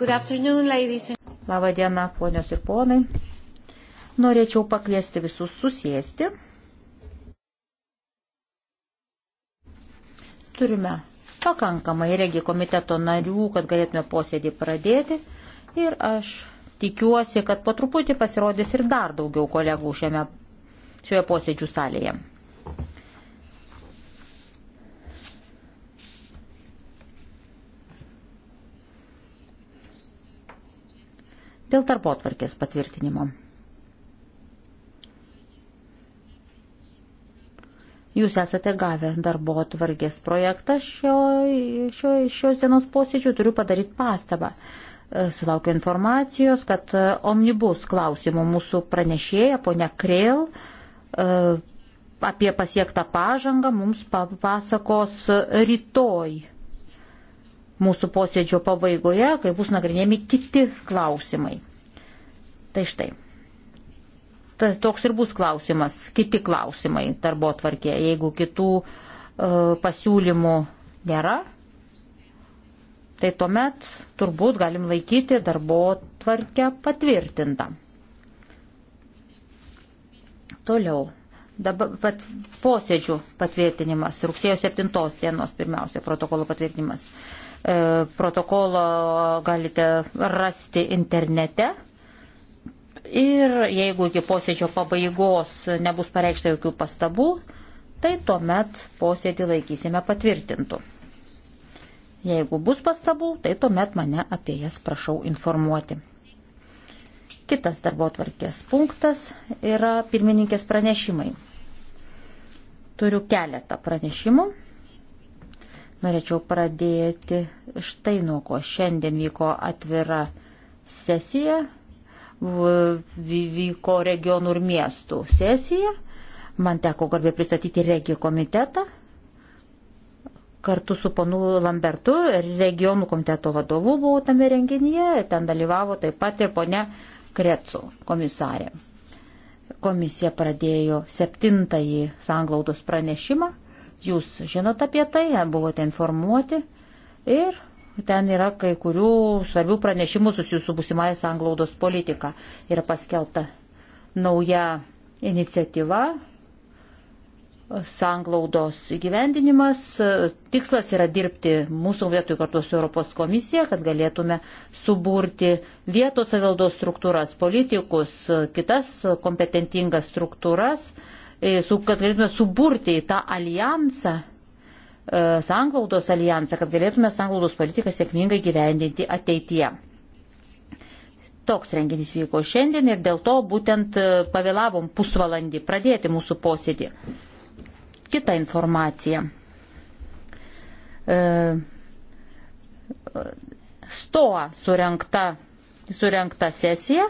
And... Labą dieną, ponios ir ponai. Norėčiau pakviesti visus susėsti. Turime pakankamai regi komiteto narių, kad galėtume posėdį pradėti. Ir aš tikiuosi, kad po truputį pasirodys ir dar daugiau kolegų šiame, šioje posėdžių salėje. Dėl darbo atvarkės patvirtinimo. Jūs esate gavę darbo atvarkės projektą šio, šio, šios dienos posėdžių, turiu padaryti pastabą. E, sulaukiu informacijos, kad e, omnibus klausimų mūsų pranešėja, ponia Krėl, e, apie pasiektą pažangą mums papasakos rytoj mūsų posėdžio pabaigoje, kai bus nagrinėjami kiti klausimai. Tai štai. Tas toks ir bus klausimas, kiti klausimai darbo tvarkė. Jeigu kitų e, pasiūlymų nėra, tai tuomet turbūt galim laikyti darbo tvarkę patvirtintą. Toliau. Dabar pat, posėdžių patvirtinimas, rugsėjo 7 dienos pirmiausia protokolo patvirtinimas. E, protokolo galite rasti internete. Ir jeigu iki posėdžio pabaigos nebus pareikšta jokių pastabų, tai tuomet posėdį laikysime patvirtintų. Jeigu bus pastabų, tai tuomet mane apie jas prašau informuoti. Kitas darbo tvarkės punktas yra pirmininkės pranešimai. Turiu keletą pranešimų. Norėčiau pradėti štai nuo ko. Šiandien vyko atvira sesija, vyko regionų ir miestų sesija. Man teko garbė pristatyti regijų komitetą. Kartu su panu Lambertu, regionų komiteto vadovu buvau tame renginyje, ten dalyvavo taip pat ir ponia Krecu komisarė. Komisija pradėjo septintąjį sanglaudos pranešimą Jūs žinote apie tai, buvote informuoti ir ten yra kai kurių svarbių pranešimų susijusių su busimai sanglaudos politika. Yra paskelbta nauja iniciatyva, sanglaudos įgyvendinimas. Tikslas yra dirbti mūsų vietoj kartu su Europos komisija, kad galėtume suburti vietos savildos struktūras, politikus, kitas kompetentingas struktūras E, kad galėtume suburti į tą alijansą, e, sanglaudos alijansą, kad galėtume sanglaudos politiką sėkmingai gyvendinti ateityje. Toks renginys vyko šiandien ir dėl to būtent e, pavėlavom pusvalandį pradėti mūsų posėdį. Kita informacija. Stoa surenkta, surenkta sesija,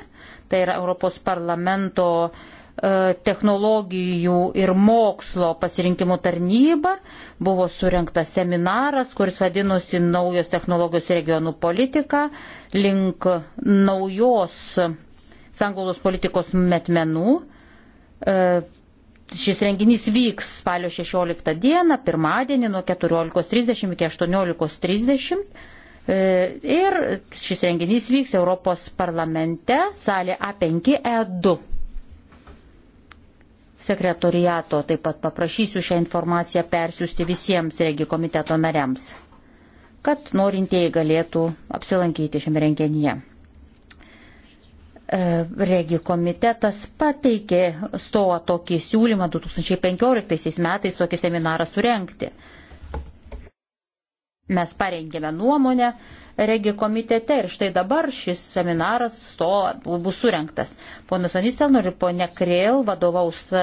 tai yra Europos parlamento uh, E, technologijų ir mokslo pasirinkimų tarnyba. Buvo surinktas seminaras, kuris vadinosi Naujos technologijos regionų politika link naujos sanglaudos politikos metmenų. E, šis renginys vyks spalio 16 dieną, pirmadienį nuo 14.30 iki 18.30. E, ir šis renginys vyks Europos parlamente, salė A5E2 sekretoriato taip pat paprašysiu šią informaciją persiųsti visiems regi komiteto nariams, kad norintieji galėtų apsilankyti šiame renginyje. E, regi komitetas pateikė stoa tokį siūlymą 2015 metais tokį seminarą surenkti. Mes parengėme nuomonę regi komitete ir štai dabar šis seminaras to bus surinktas. Ponas Anistelnor ir ponė Krėl vadovaus e,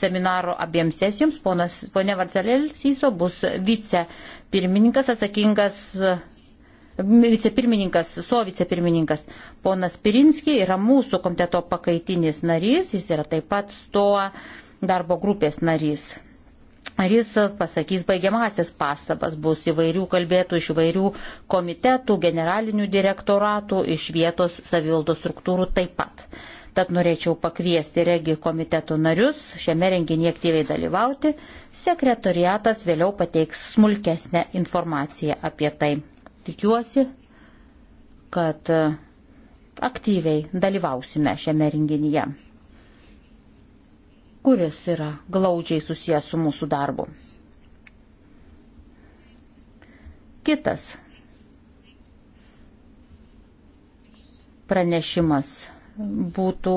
seminaro abiems sesijoms, ponas, ponė Varcelėl Syso bus vicepirmininkas atsakingas e, vicepirmininkas, suo vicepirmininkas, ponas Pirinski yra mūsų komiteto pakaitinis narys, jis yra taip pat stoa darbo grupės narys. Ar jis pasakys baigiamasis pastabas, bus įvairių kalbėtų iš įvairių komitetų, generalinių direktoratų, iš vietos savivaldo struktūrų taip pat. Tad norėčiau pakviesti regi komiteto narius šiame renginyje aktyviai dalyvauti. Sekretoriatas vėliau pateiks smulkesnę informaciją apie tai. Tikiuosi, kad aktyviai dalyvausime šiame renginyje kuris yra glaudžiai susijęs su mūsų darbu. Kitas pranešimas būtų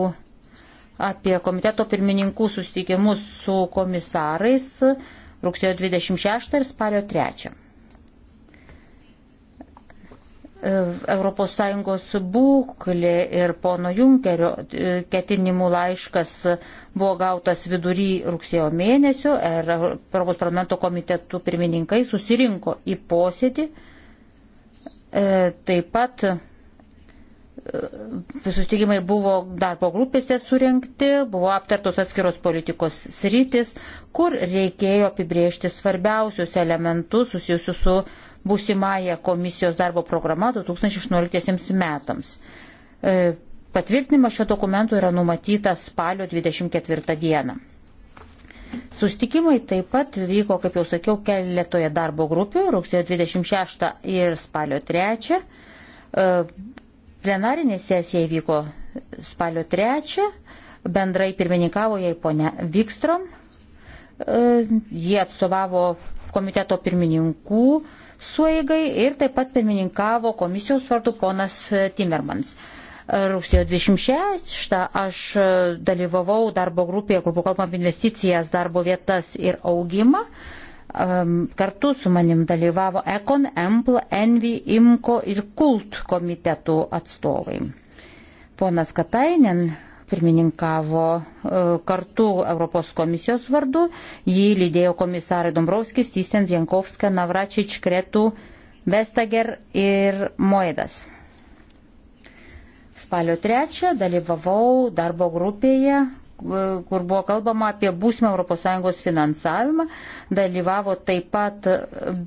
apie komiteto pirmininkų susitikimus su komisarais rugsėjo 26 ir spario 3. ES būklė ir pono Junkerio e, ketinimų laiškas buvo gautas vidury rugsėjo mėnesio ir Europos parlamento komitetų pirmininkai susirinko į posėdį. E, taip pat e, susitikimai buvo darbo grupėse surinkti, buvo aptartos atskiros politikos sritis, kur reikėjo apibriežti svarbiausius elementus susijusius su būsimąją komisijos darbo programą 2016 metams. E, Patvirtinimas šio dokumento yra numatytas spalio 24 dieną. Sustikimai taip pat vyko, kaip jau sakiau, keletoje darbo grupių, rugsėjo 26 ir spalio 3. E, plenarinė sesija įvyko spalio 3, bendrai pirmininkavo jai ponia Vikstrom, e, jie atstovavo komiteto pirmininkų suėgai ir taip pat pirmininkavo komisijos vardu ponas Timmermans. Rugsėjo 26 aš dalyvavau darbo grupėje, kur buvo kalbama apie investicijas, darbo vietas ir augimą. Kartu su manim dalyvavo Ekon, Empl, Envy, Imko ir Kult komitetų atstovai. Ponas Katainen pirmininkavo e, kartu Europos komisijos vardu. Jį lydėjo komisarai Dombrovskis, Tysen Vienkovska, Navračič, Kretų, Vestager ir Moedas. Spalio 3 dalyvavau darbo grupėje kur buvo kalbama apie būsimą ES finansavimą. Dalyvavo taip pat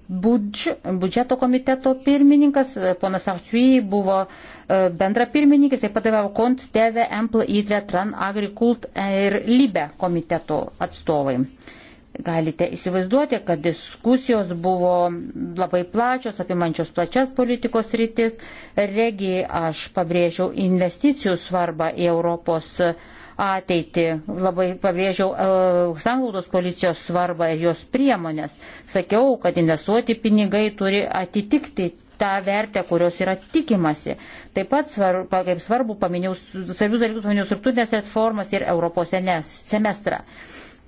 budž, budžeto komiteto pirmininkas, ponas Arčiui buvo e, bendra pirmininkis, taip pat dalyvavo KONT, TV, EMPL, ITRE, TRAN, AgriKult ir LIBE komiteto atstovai. Galite įsivaizduoti, kad diskusijos buvo labai plačios, apimančios plačias politikos rytis. Regijai aš pabrėžiau investicijų svarbą į Europos ateitį. Labai pabrėžiau uh, sanglaudos policijos svarbą ir jos priemonės. Sakiau, kad investuoti pinigai turi atitikti tą vertę, kurios yra tikimasi. Taip pat svarbu, kaip svarbu paminėjau, svarbius dalykus paminėjau struktūrinės reformas ir Europos semestrą.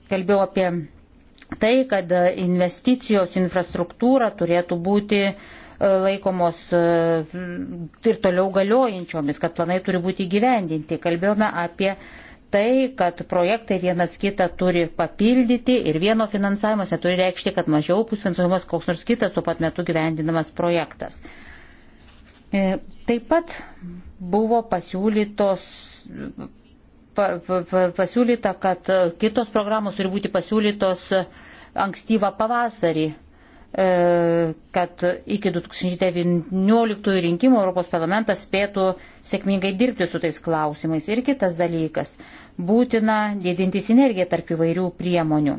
Kalbėjau apie tai, kad investicijos infrastruktūra turėtų būti e, laikomos e, ir toliau galiojančiomis, kad planai turi būti įgyvendinti. Kalbėjome apie tai, kad projektai vienas kitą turi papildyti ir vieno finansavimas neturi reikšti, kad mažiau bus finansuojamas koks nors kitas tuo pat metu gyvendinamas projektas. E, taip pat buvo pasiūlytos pasiūlyta, kad kitos programos turi būti pasiūlytos ankstyvą pavasarį E, kad iki 2019 rinkimų Europos parlamentas spėtų sėkmingai dirbti su tais klausimais. Ir kitas dalykas - būtina didinti sinergiją tarp įvairių priemonių.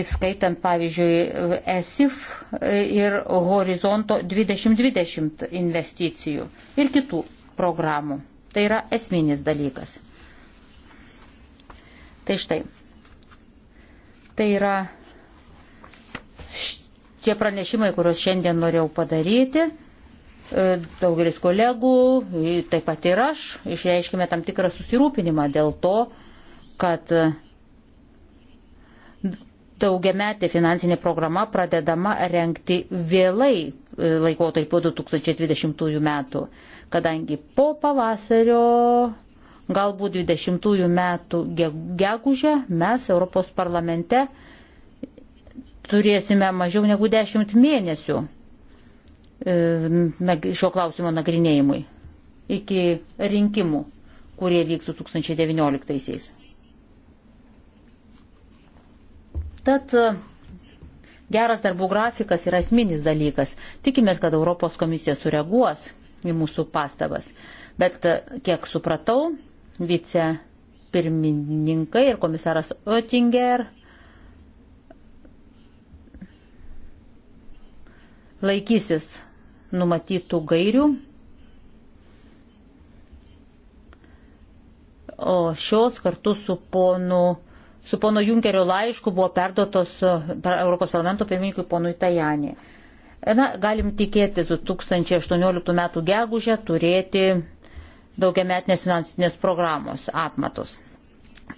Įskaitant, pavyzdžiui, ESIF ir Horizonto 2020 investicijų ir kitų programų. Tai yra esminis dalykas. Tai štai. Tai yra tie pranešimai, kuriuos šiandien norėjau padaryti, e, daugelis kolegų, taip pat ir aš, išreiškime tam tikrą susirūpinimą dėl to, kad daugiametė finansinė programa pradedama renkti vėlai e, laikotarpiu 2020 metų, kadangi po pavasario galbūt 20 metų gegužę mes Europos parlamente turėsime mažiau negu 10 mėnesių e, šio klausimo nagrinėjimui iki rinkimų, kurie vyks 2019-aisiais. Tad e, geras darbų grafikas yra esminis dalykas. Tikimės, kad Europos komisija sureaguos į mūsų pastabas. Bet e, kiek supratau, vice pirmininkai ir komisaras Oettinger laikysis numatytų gairių. O šios kartu su ponu, su pono Junkerio laišku buvo perdotos e, per Europos parlamento pirmininkui ponui Tajanį. Na, galim tikėtis 2018 m. gegužę turėti daugiametinės finansinės programos apmatus.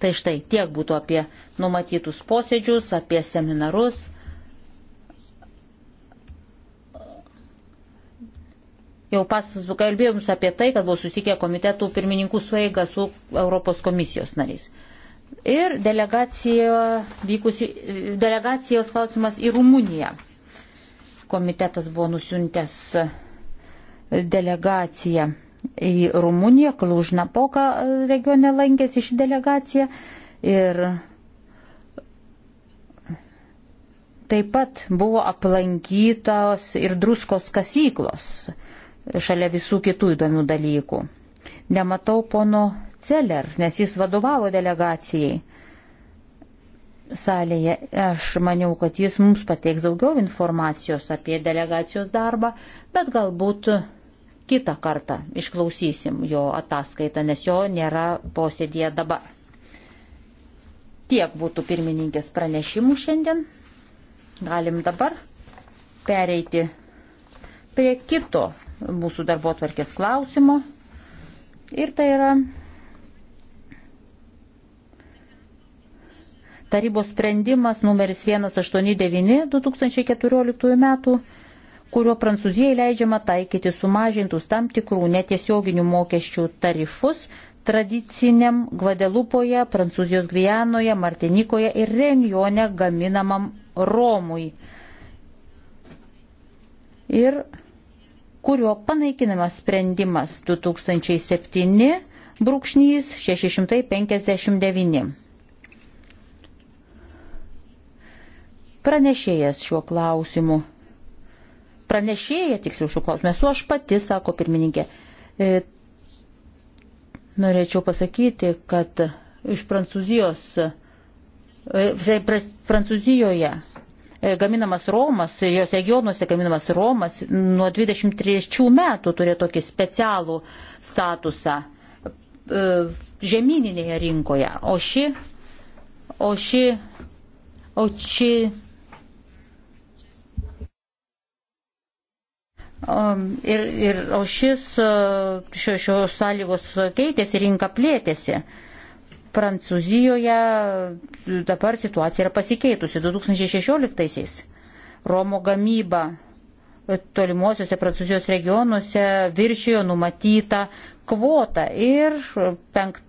Tai štai tiek būtų apie numatytus posėdžius, apie seminarus Jau pas, kalbėjom apie tai, kad buvo susikę komitetų pirmininkų sueiga su Europos komisijos nariais. Ir vykusi, delegacijos klausimas į Rumuniją. Komitetas buvo nusiuntęs delegaciją į Rumuniją, Klužnapoką regione lankėsi ši delegacija. Ir taip pat buvo aplankytos ir druskos kasyklos šalia visų kitų įdomių dalykų. Nematau pono Celler, nes jis vadovavo delegacijai salėje. Aš maniau, kad jis mums pateiks daugiau informacijos apie delegacijos darbą, bet galbūt kitą kartą išklausysim jo ataskaitą, nes jo nėra posėdėje dabar. Tiek būtų pirmininkės pranešimų šiandien. Galim dabar pereiti prie kito mūsų darbo atvarkės klausimo. Ir tai yra tarybos sprendimas numeris 189 2014 metų, kuriuo Prancūzijai leidžiama taikyti sumažintus tam tikrų netiesioginių mokesčių tarifus tradiciniam Gvadelupoje, Prancūzijos Gvijanoje, Martinikoje ir Renjone gaminamam Romui. Ir kuriuo panaikinamas sprendimas 2007 brūkšnys 659. Pranešėjas šiuo klausimu. Pranešėja tiksliau šiuo klausimu. Esu aš pati, sako pirmininkė. E, norėčiau pasakyti, kad iš Prancūzijos, e, Prancūzijoje E, gaminamas Romas, jos regionuose gaminamas Romas nuo 23 metų turėjo tokį specialų statusą e, žemyninėje rinkoje. O ši, o ši, o ši. Um, ir, ir o šis e, šios šio sąlygos keitėsi, rinka plėtėsi. Uh, Prancūzijoje dabar situacija yra pasikeitusi. 2016-aisiais Romo gamyba tolimuosiuose Prancūzijos regionuose viršijo numatytą kvotą ir, penkt,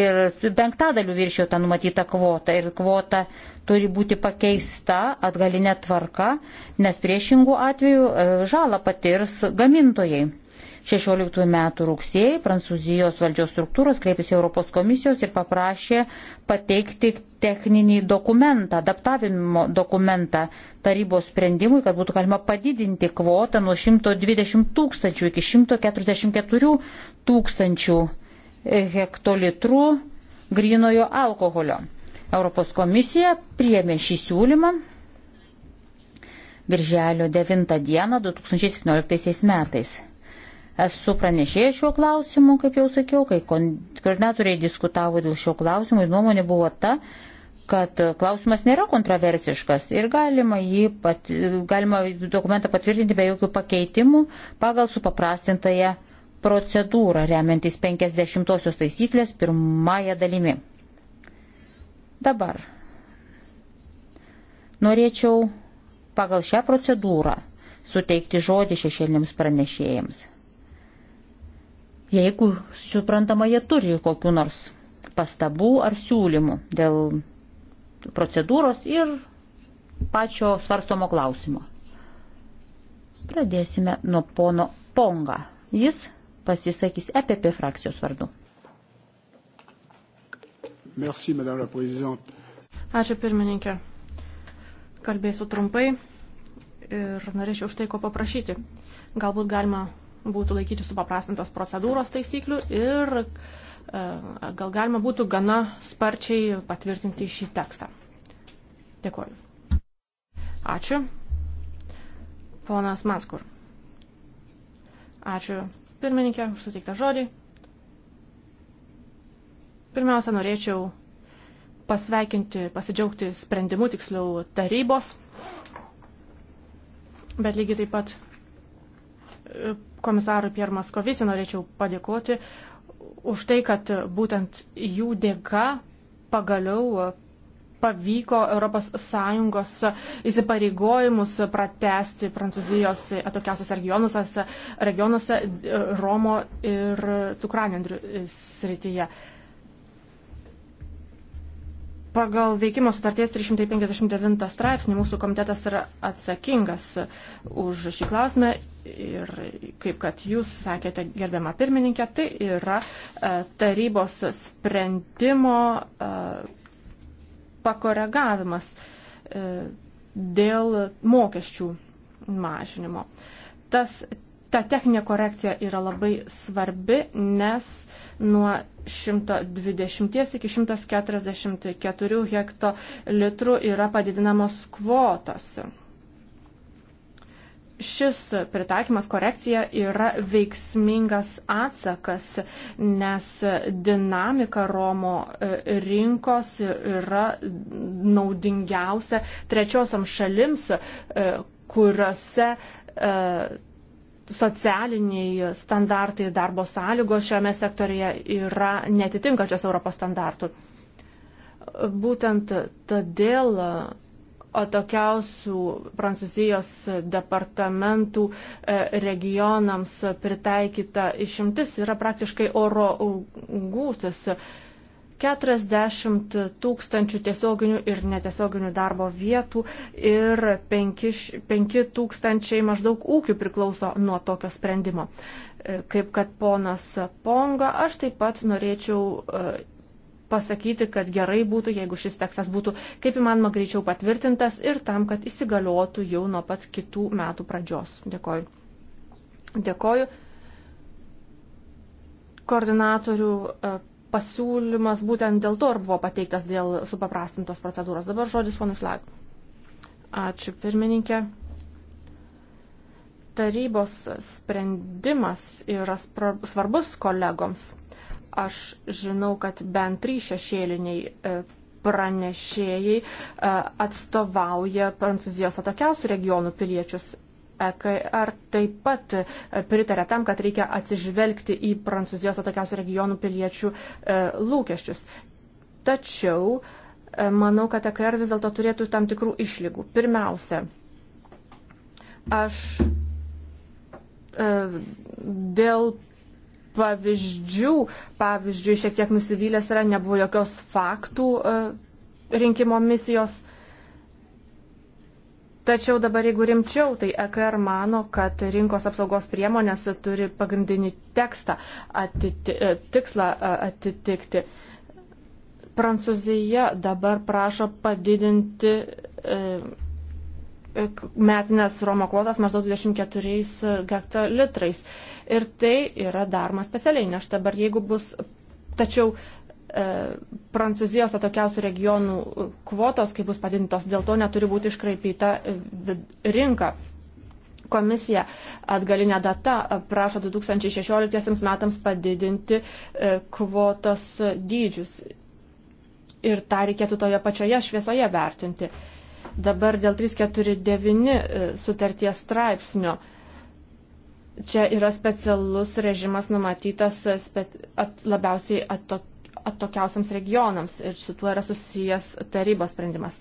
ir penktadalių viršijo tą numatytą kvotą ir kvota turi būti pakeista atgalinė tvarka, nes priešingų atveju e, žalą patirs gamintojai. 16 metų rugsėjai Prancūzijos valdžios struktūros kreipėsi Europos komisijos ir paprašė pateikti techninį dokumentą, adaptavimo dokumentą tarybos sprendimui, kad būtų galima padidinti kvotą nuo 120 tūkstančių iki 144 tūkstančių hektolitrų grinojo alkoholio. Europos komisija priemė šį siūlymą Birželio 9 dieną 2017 metais. Esu pranešėjęs šiuo klausimu, kaip jau sakiau, kai koordinatoriai diskutavo dėl šio klausimo, nuomonė buvo ta, kad klausimas nėra kontroversiškas ir galima, pat, galima dokumentą patvirtinti be jokių pakeitimų pagal supaprastintąją procedūrą, remiantis 50-osios taisyklės pirmąją dalimi. Dabar norėčiau pagal šią procedūrą suteikti žodį šešėliniams pranešėjams. Jeigu, suprantama, jie turi kokiu nors pastabų ar siūlymų dėl procedūros ir pačio svarstomo klausimo. Pradėsime nuo pono Ponga. Jis pasisakys EPP frakcijos vardu. Merci, Ačiū pirmininkė. Kalbėsiu trumpai ir norėčiau už tai ko paprašyti. Galbūt galima būtų laikyti supaprastintas procedūros taisyklių ir e, gal galima būtų gana sparčiai patvirtinti šį tekstą. Dėkuoju. Ačiū. Ponas Maskur. Ačiū pirmininkė už suteiktą žodį. Pirmiausia, norėčiau pasveikinti, pasidžiaugti sprendimu, tiksliau tarybos, bet lygiai taip pat e, komisarui Pier Maskovisi norėčiau padėkoti už tai, kad būtent jų dėka pagaliau pavyko ES įsipareigojimus pratesti Prancūzijos atokiausios regionuose, regionuose Romo ir Cukranendrių srityje. Pagal veikimo sutarties 359 straipsnį mūsų komitetas yra atsakingas už šį klausimą ir kaip kad jūs sakėte, gerbiama pirmininkė, tai yra e, tarybos sprendimo e, pakoregavimas e, dėl mokesčių mažinimo. Tas, ta techninė korekcija yra labai svarbi, nes uh, nuo 120 iki 144 hektolitrų yra padidinamos kvotos. Šis pritaikymas korekcija yra veiksmingas atsakas, nes dinamika Romo e, rinkos yra naudingiausia trečiosiam šalims, e, kuriuose e, socialiniai standartai darbo sąlygos šiame sektorija yra netitinkačios Europos standartų. Būtent todėl atokiausių Prancūzijos departamentų e, regionams pritaikyta išimtis yra praktiškai oro gūsis. Uh, 40 tūkstančių tiesioginių ir netiesioginių darbo vietų ir 5, 5 tūkstančiai maždaug ūkių priklauso nuo tokio sprendimo. E, kaip kad ponas Ponga, aš taip pat norėčiau e, pasakyti, kad gerai būtų, jeigu šis tekstas būtų kaip įmanoma greičiau patvirtintas ir tam, kad įsigaliotų jau nuo pat kitų metų pradžios. Dėkoju. Dėkoju. Koordinatorių e, pasiūlymas būtent dėl to ir buvo pateiktas dėl supaprastintos procedūros. Dabar žodis ponui Flag. Ačiū pirmininkė. Tarybos sprendimas yra svarbus kolegoms. Aš žinau, kad bent trys šešėliniai e, pranešėjai e, atstovauja Prancūzijos atokiausių regionų piliečius EKR taip pat pritarė tam, kad reikia atsižvelgti į Prancūzijos atokiausių regionų piliečių e, lūkesčius. Tačiau e, manau, kad EKR vis dėlto turėtų tam tikrų išlygų. Pirmiausia, aš e, dėl pavyzdžių, pavyzdžiui, šiek tiek nusivylęs yra, nebuvo jokios faktų e, rinkimo misijos. E, Tačiau dabar, jeigu rimčiau, tai EKR mano, kad rinkos apsaugos priemonės turi pagrindinį tekstą atiti, e, tikslą e, atitikti. Prancūzija dabar prašo padidinti e, metinės Romo kvotas maždaug 24 hektolitrais. Ir tai yra daroma specialiai, nes dabar jeigu bus. Tačiau E, Prancūzijos atokiausių regionų kvotos, kai bus padintos, dėl to neturi būti iškraipyta e, rinka. Komisija atgalinę datą prašo 2016 metams padidinti e, kvotos dydžius. Ir tą reikėtų toje pačioje šviesoje vertinti. Dabar dėl 349 sutarties straipsnio čia yra specialus režimas numatytas spe, at, labiausiai atokio atokiausiams regionams ir su tuo yra susijęs tarybos sprendimas.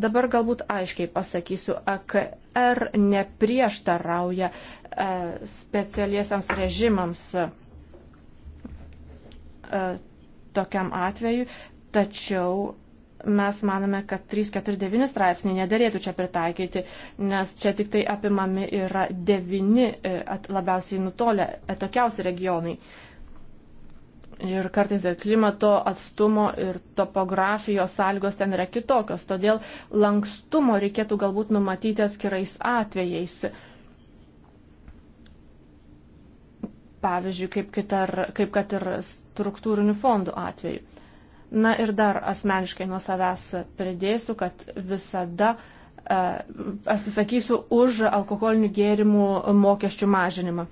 Dabar galbūt aiškiai pasakysiu, AKR neprieštarauja e, specialiesiams režimams e, tokiam atveju, tačiau mes manome, kad 349 straipsnį nedėlėtų čia pritaikyti, nes čia tik tai apimami yra devini e, labiausiai nutolę atokiausi regionai. Uh, Ir kartais ir klimato atstumo ir topografijos sąlygos ten yra kitokios, todėl lankstumo reikėtų galbūt numatyti atskirais atvejais. Pavyzdžiui, kaip, kitar, kaip kad ir struktūrinių fondų atveju. Na ir dar asmeniškai nuo savęs pridėsiu, kad visada e, atsisakysiu už alkoholinių gėrimų mokesčių mažinimą.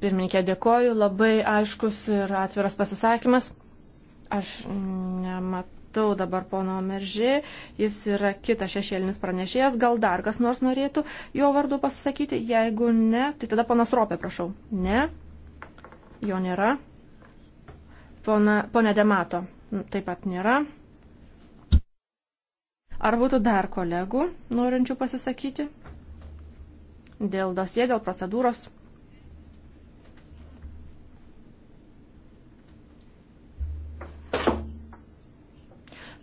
Pirmininkė, dėkoju, labai aiškus ir atviras pasisakymas. Aš nematau dabar pono Meržė, jis yra kitas šešėlinis pranešėjas, gal dar kas nors norėtų jo vardu pasisakyti, jeigu ne, tai tada ponas Ropė, prašau. Ne, jo nėra. Pona, pone Demato, taip pat nėra. Ar būtų dar kolegų norinčių pasisakyti? Dėl dosie, dėl procedūros.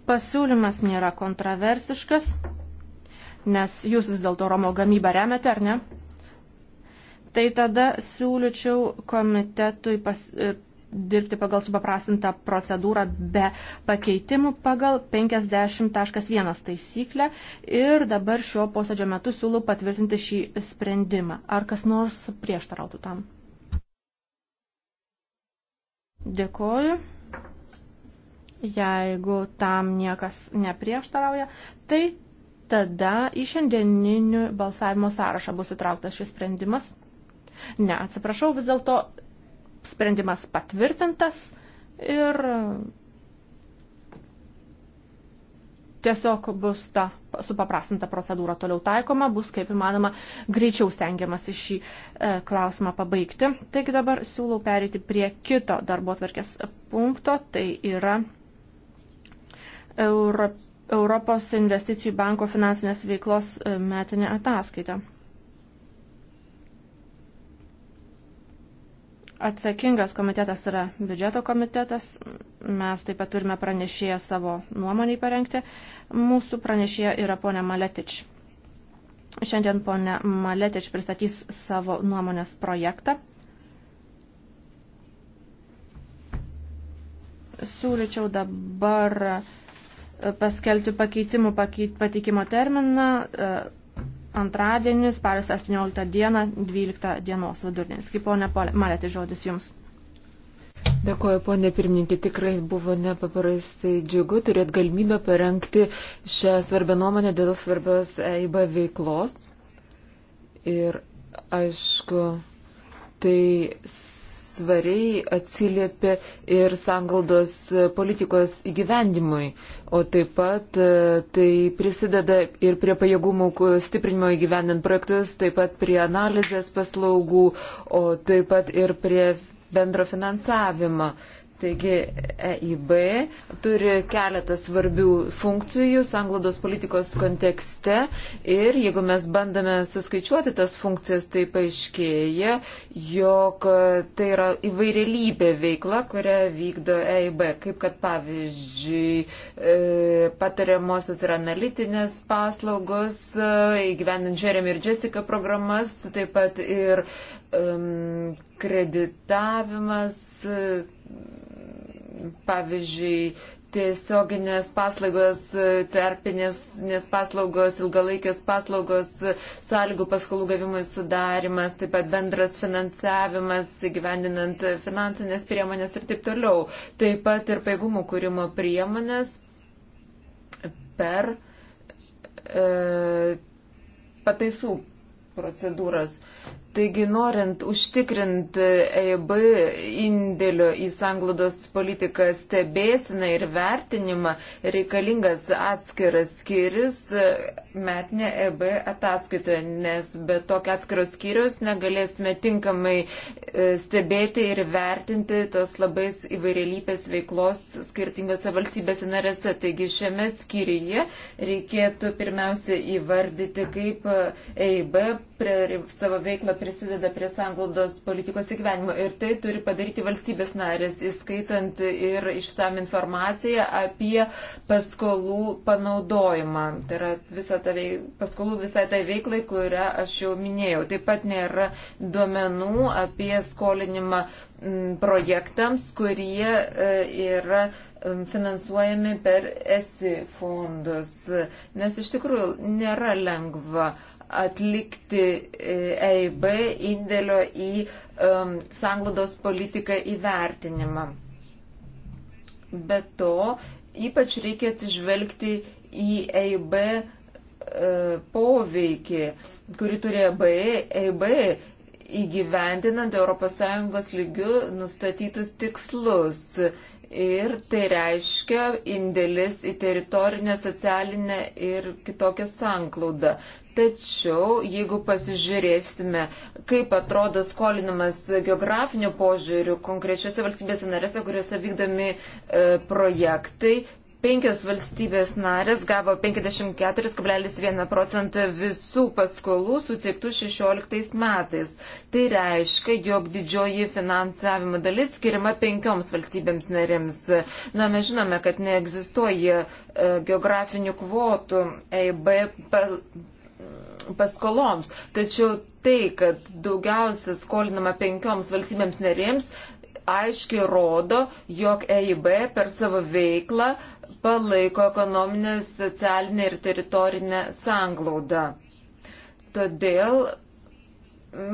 Pasiūlymas nėra kontraversiškas, nes jūs vis dėlto Romo gamybą remiate, ar ne? Tai tada siūlyčiau komitetui pas, e, dirbti pagal supaprastintą procedūrą be pakeitimų pagal 50.1 taisyklę ir dabar šio posėdžio metu siūlau patvirtinti šį sprendimą. Ar kas nors prieštarautų tam? Dėkoju jeigu tam niekas neprieštarauja, tai tada į šiandieninių balsavimo sąrašą bus įtrauktas šis sprendimas. Ne, atsiprašau, vis dėlto sprendimas patvirtintas ir tiesiog bus ta supaprastinta procedūra toliau taikoma, bus kaip įmanoma greičiau stengiamasi šį e, klausimą pabaigti. Taigi dabar siūlau perėti prie kito darbo tvarkės punkto, tai yra Euro, Europos investicijų banko finansinės veiklos e, metinė ataskaita. Atsakingas komitetas yra biudžeto komitetas. Mes taip pat turime pranešėją savo nuomonį parengti. Mūsų pranešėja yra ponia Maletič. Šiandien ponia Maletič pristatys savo nuomonės projektą. Siūlyčiau dabar paskelbti pakeitimų pakeit, patikimo terminą e, antradienį, spalis 18 dieną, 12 dienos vidurdienis. Kaip ponė Malėti žodis jums. Dėkuoju, ponė pirmininkė, tikrai buvo nepaprastai džiugu turėti galimybę parengti šią svarbę nuomonę dėl svarbios EIB veiklos. Ir aišku, tai svariai atsiliepia ir sangaldos politikos įgyvendimui, o taip pat e, tai prisideda ir prie pajėgumų stiprinimo įgyvendint projektus, taip pat prie analizės paslaugų, o taip pat ir prie bendro finansavimo. Taigi EIB turi keletą svarbių funkcijų sanglodos politikos kontekste ir jeigu mes bandome suskaičiuoti tas funkcijas, tai paaiškėja, jog tai yra įvairialybė veikla, kurią vykdo EIB, kaip kad pavyzdžiui e, patariamosios ir analitinės paslaugos, e, įgyvenant Jeremy ir Jessica programas, taip pat ir um, kreditavimas. Uh, pavyzdžiui, tiesioginės paslaugos, tarpinės paslaugos, ilgalaikės paslaugos, sąlygų paskolų gavimui sudarimas, taip pat bendras finansavimas, gyvendinant finansinės priemonės ir taip toliau. Taip pat ir paėgumų kūrimo priemonės per e, pataisų procedūras. Taigi, norint užtikrinti EIB indėlio į sanglodos politiką stebėsiną ir vertinimą, reikalingas atskiras skyrius metinė EIB ataskaitoje, nes be tokio atskiros skyrius negalėsime tinkamai e, stebėti ir vertinti tos labai įvairialypės veiklos skirtingose valstybėse narėse. Taigi, šiame skyriuje reikėtų pirmiausia įvardyti, kaip EIB e savo veiklą prisideda prie sanglaudos politikos įgyvenimo ir tai turi padaryti valstybės narės, įskaitant ir išsam informaciją apie paskolų panaudojimą. Tai yra visa ta veik, paskolų visai tai veiklai, kurią aš jau minėjau. Taip pat nėra duomenų apie skolinimą projektams, kurie e, yra finansuojami per esi fondus, nes iš tikrųjų nėra lengva uh, atlikti EIB e indėlio į um, sanglaudos politiką įvertinimą. Be to, ypač reikia atsižvelgti į EIB e, poveikį, kurį turėjo EIB e įgyvendinant ES lygių nustatytus tikslus. Ir tai reiškia indėlis į teritorinę, socialinę ir kitokią sanklaudą. Tačiau, jeigu pasižiūrėsime, kaip atrodo skolinimas geografiniu požiūriu konkrečiose valstybėse narėse, kuriuose vykdomi e, projektai, penkios valstybės narės gavo 54,1 procentą visų paskolų suteiktų 16 metais. Tai reiškia, jog didžioji finansavimo dalis skiriama penkioms valstybėms narėms. Na, mes žinome, kad neegzistuoja e, geografinių kvotų EIB paskoloms. Tačiau tai, kad daugiausia skolinama penkioms valstybėms narėms, aiškiai rodo, jog EIB per savo veiklą palaiko ekonominę, socialinę ir teritorinę sanglaudą. Todėl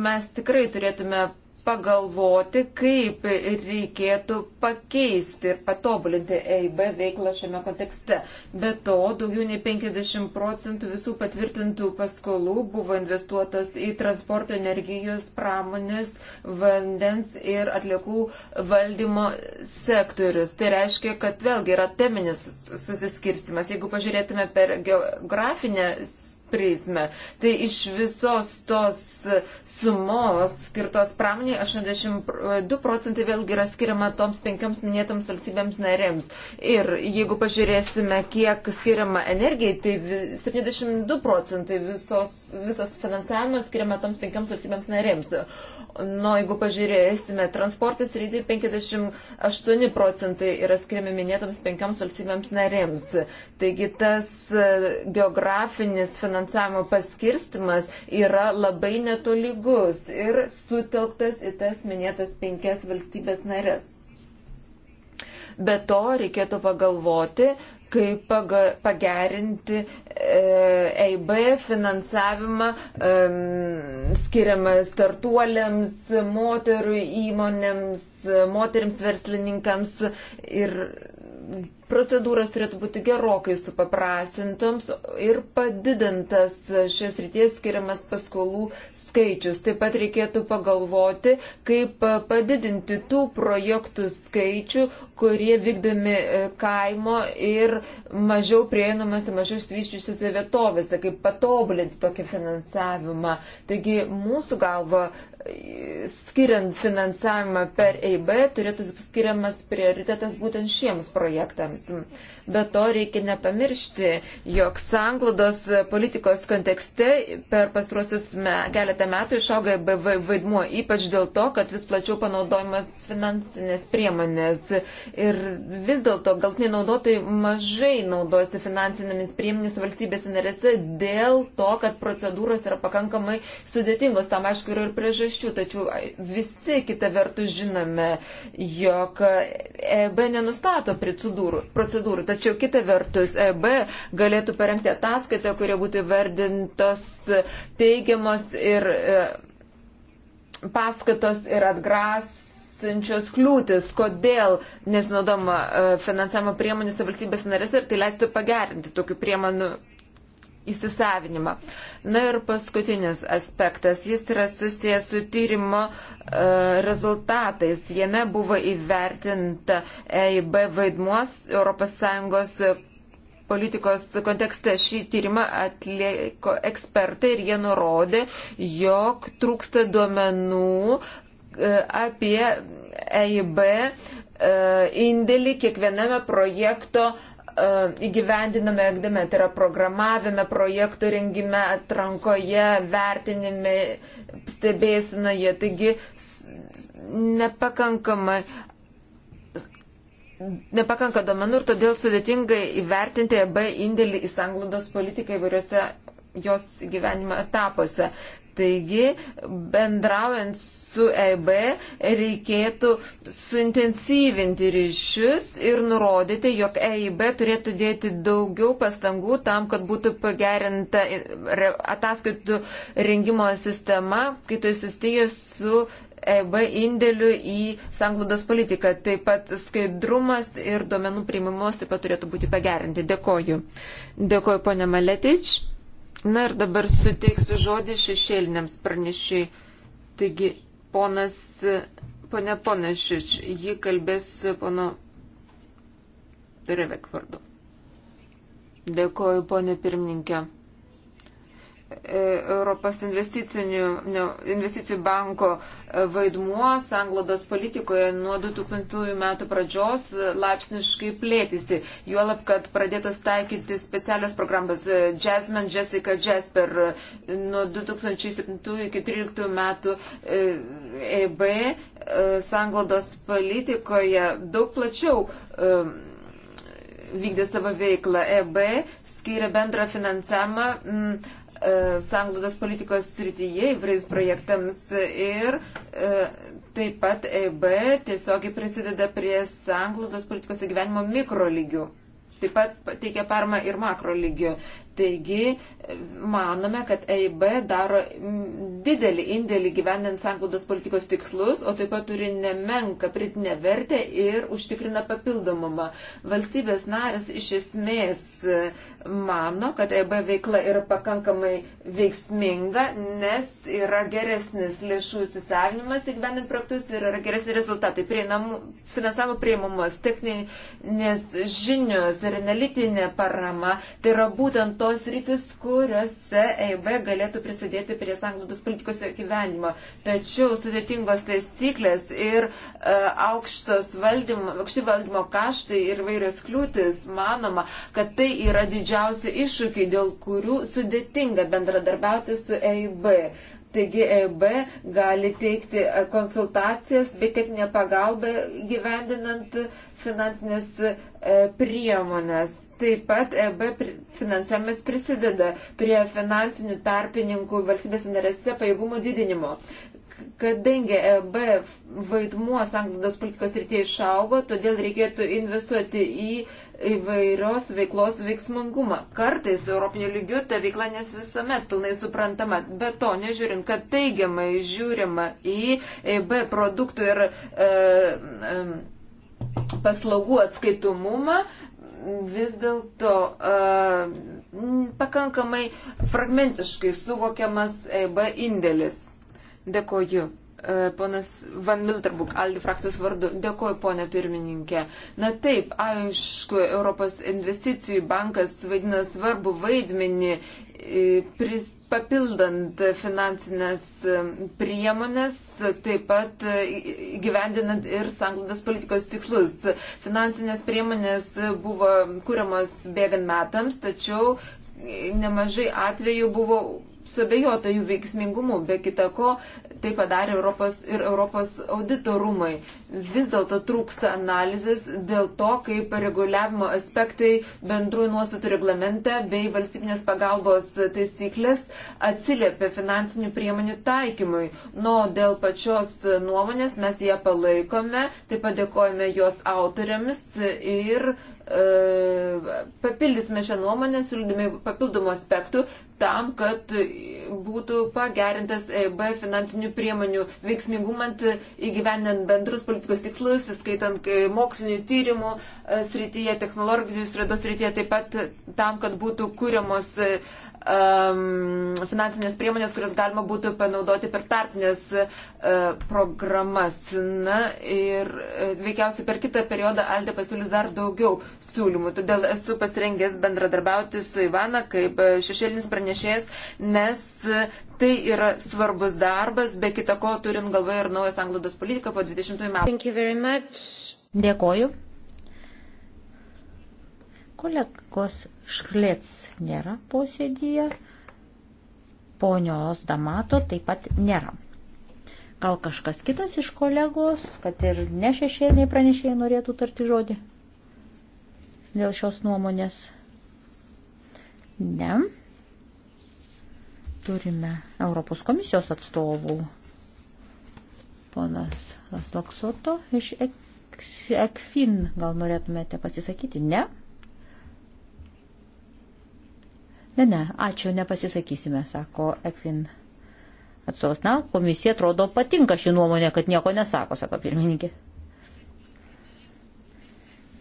mes tikrai turėtume pagalvoti, kaip reikėtų pakeisti ir patobulinti EIB veiklą šiame kontekste. Be to, daugiau nei 50 procentų visų patvirtintų paskolų buvo investuotas į transporto energijos, pramonės, vandens ir atliekų valdymo sektorius. Tai reiškia, kad vėlgi yra teminis susiskirstimas. Jeigu pažiūrėtume per geografinę prizmę, tai iš visos tos sumos skirtos pramoniai 82 procentai vėlgi yra skiriama toms penkioms minėtoms valstybėms narėms. Ir jeigu pažiūrėsime, kiek skiriama energijai, tai 72 procentai visos, visos finansavimas skiriama toms penkioms valstybėms narėms. Nu, jeigu pažiūrėsime, transportas rytai 58 procentai yra skiriami minėtoms penkioms valstybėms narėms. Taigi tas e, geografinis finansavimo paskirstimas yra labai netoligus ir sutelktas į tas minėtas penkias valstybės narės. Be to reikėtų pagalvoti, kaip pagerinti EIB e finansavimą skiriamą startuoliams, moterų įmonėms, moteriams verslininkams ir Procedūros turėtų būti gerokai supaprasintoms ir padidintas šias ryties skiriamas paskolų skaičius. Taip pat reikėtų pagalvoti, kaip padidinti tų projektų skaičių, kurie vykdomi e, kaimo ir mažiau prieinamose, mažiau išsivyščiusiose vietovėse, kaip patobulinti tokį finansavimą. Taigi mūsų galva skiriant finansavimą per EIB turėtų skiriamas prioritetas būtent šiems projektams. Bet to reikia nepamiršti, jog sanglodos politikos kontekste per pastruosius me, keletą metų išauga vaidmuo, ypač dėl to, kad vis plačiau panaudojamas finansinės priemonės. Ir vis dėlto galtiniai naudotojai mažai naudojasi finansinėmis priemonėmis valstybės narėse dėl to, kad procedūros yra pakankamai sudėtingos. Tam aišku yra ir priežasčių, tačiau visi kita vertus žinome, jog EB nenustato procedūrų. procedūrų. Tačiau kita vertus, EB galėtų parengti ataskaitą, kurie būtų vardintos teigiamos ir e, paskatos ir atgrasinčios kliūtis, kodėl nesinaudoma e, finansavimo priemonėse valstybės narėse ir tai leistų pagerinti tokių priemonių įsisavinimą. Uh, Na ir paskutinis aspektas, jis yra susijęs su tyrimo e, rezultatais. Jame buvo įvertinta EIB vaidmuos ES politikos kontekste šį tyrimą atliko ekspertai ir jie nurodė, jog trūksta duomenų e, apie EIB e, indėlį kiekviename projekto uh, E, įgyvendiname egdame, tai yra programavime, projektų rengime, atrankoje, vertinime, stebėsinoje. Taigi nepakankamai nepakanka domenų ir todėl sudėtingai įvertinti EB indėlį į sanglaudos politiką įvairiose jos gyvenimo etapuose. Taigi, bendraujant su EIB reikėtų suintensyvinti ryšius ir nurodyti, jog EIB turėtų dėti daugiau pastangų tam, kad būtų pagerinta ataskaitų rengimo sistema, kai tai susijęs su EIB indėliu į sanglaudos politiką. Taip pat skaidrumas ir duomenų priimimus taip pat turėtų būti pagerinti. Dėkoju. Dėkoju, ponė Maletič. Na ir dabar suteiksiu žodį šešėliniams pranešiai. Taigi, ponas, ponė Ponešič, ji kalbės pono Revek vardu. Dėkoju, ponė pirmininkė. E, Europos investicijų banko e, vaidmuo sanglodos politikoje nuo 2000 metų pradžios e, laipsniškai plėtėsi. Juolab, kad pradėtos taikyti specialios programos Jasmine, Jessica, Jasper nuo 2007 iki 2013 metų EB sanglodos politikoje daug plačiau vykdė savo veiklą. EB skiria bendrą finansavimą E, sanglaudos politikos srityje įvairiais projektams ir e, taip pat EIB tiesiogiai prisideda prie sanglaudos politikos įgyvenimo mikrolygių. Taip pat teikia parma ir makro lygių. Taigi, manome, kad EIB daro didelį indėlį gyvenant sanklaudos politikos tikslus, o taip pat turi nemenką pridinę vertę ir užtikrina papildomumą. Valstybės narės iš esmės e, mano, kad EIB veikla yra pakankamai veiksminga, nes yra geresnis lėšų įsisavinimas įgyvenant projektus ir yra geresni rezultatai. Prieinamų, finansavo prieimimas, techninės žinios ir analitinė parama. Tai yra būtent to tos rytis, kuriuose EIB galėtų prisidėti prie sanglaudos politikos gyvenimo. Tačiau sudėtingos taisyklės ir e, aukštos valdymo, aukšti valdymo kaštai ir vairios kliūtis, manoma, kad tai yra didžiausi iššūkiai, dėl kurių sudėtinga bendradarbiauti su EIB. Taigi EIB gali teikti e, konsultacijas bei techninę pagalbą gyvendinant finansinės e, priemonės. Taip pat EB finansavimas prisideda prie finansinių tarpininkų valstybės narėse pajėgumų didinimo. Kadangi EB vaidmuo sanglaudos politikos rytėje išaugo, todėl reikėtų investuoti į įvairios veiklos veiksmingumą. Kartais Europinių lygių ta veikla nes visuomet pilnai suprantama. Be to, nežiūrint, kad teigiamai žiūrima į EIB produktų ir e, e, paslaugų atskaitumumą, vis dėlto e, pakankamai fragmentiškai suvokiamas EIB indėlis. Dėkoju. E, ponas Van Milterbuk, Aldi frakcijos vardu, dėkoju ponė pirmininkė. Na taip, aišku, Europos investicijų bankas vaidina svarbu vaidmenį e, pris, papildant finansinės e, priemonės, taip pat gyvendinant ir sanglaudos politikos tikslus. Finansinės priemonės buvo kūriamos bėgant metams, tačiau nemažai atvejų buvo subejota jų veiksmingumu, be kita ko tai padarė Europos ir Europos auditorumai. Vis dėlto trūksta analizės dėl to, kaip reguliavimo aspektai bendrųjų nuostatų reglamente bei valstybinės pagalbos taisyklės atsiliepia finansinių priemonių taikymui. Nu, dėl pačios nuomonės mes ją palaikome, taip pat dėkojame jos autoriamis ir E, papildysime šią nuomonę, siūlydami papildomų aspektų tam, kad būtų pagerintas EIB finansinių priemonių veiksmingumant įgyvendinant bendrus politikos tikslus, skaitant e, mokslinių tyrimų e, srityje, technologijų srityje, taip pat tam, kad būtų kūriamos uh, um, finansinės priemonės, kurias galima būtų panaudoti per tarpinės uh, programas. Na ir uh, veikiausiai per kitą periodą Aldė pasiūlys dar daugiau siūlymų. Todėl esu pasirengęs bendradarbiauti su Ivana kaip uh, šešėlinis pranešėjas, nes uh, tai yra svarbus darbas, be kita ko turint galvoje ir naujas anglodos politiką po 20 metų. Dėkoju. Kolegos Šklėts nėra posėdyje, ponios Damato taip pat nėra. Gal kažkas kitas iš kolegos, kad ir ne šešėliniai pranešėjai norėtų tarti žodį dėl šios nuomonės? Ne. Turime Europos komisijos atstovų. Ponas Lasloksoto iš Ekfin, gal norėtumėte pasisakyti? Ne. Ne, ne, ačiū, nepasisakysime, sako Ekvin atstovas. Na, komisija atrodo patinka šį nuomonę, kad nieko nesako, sako pirmininkė.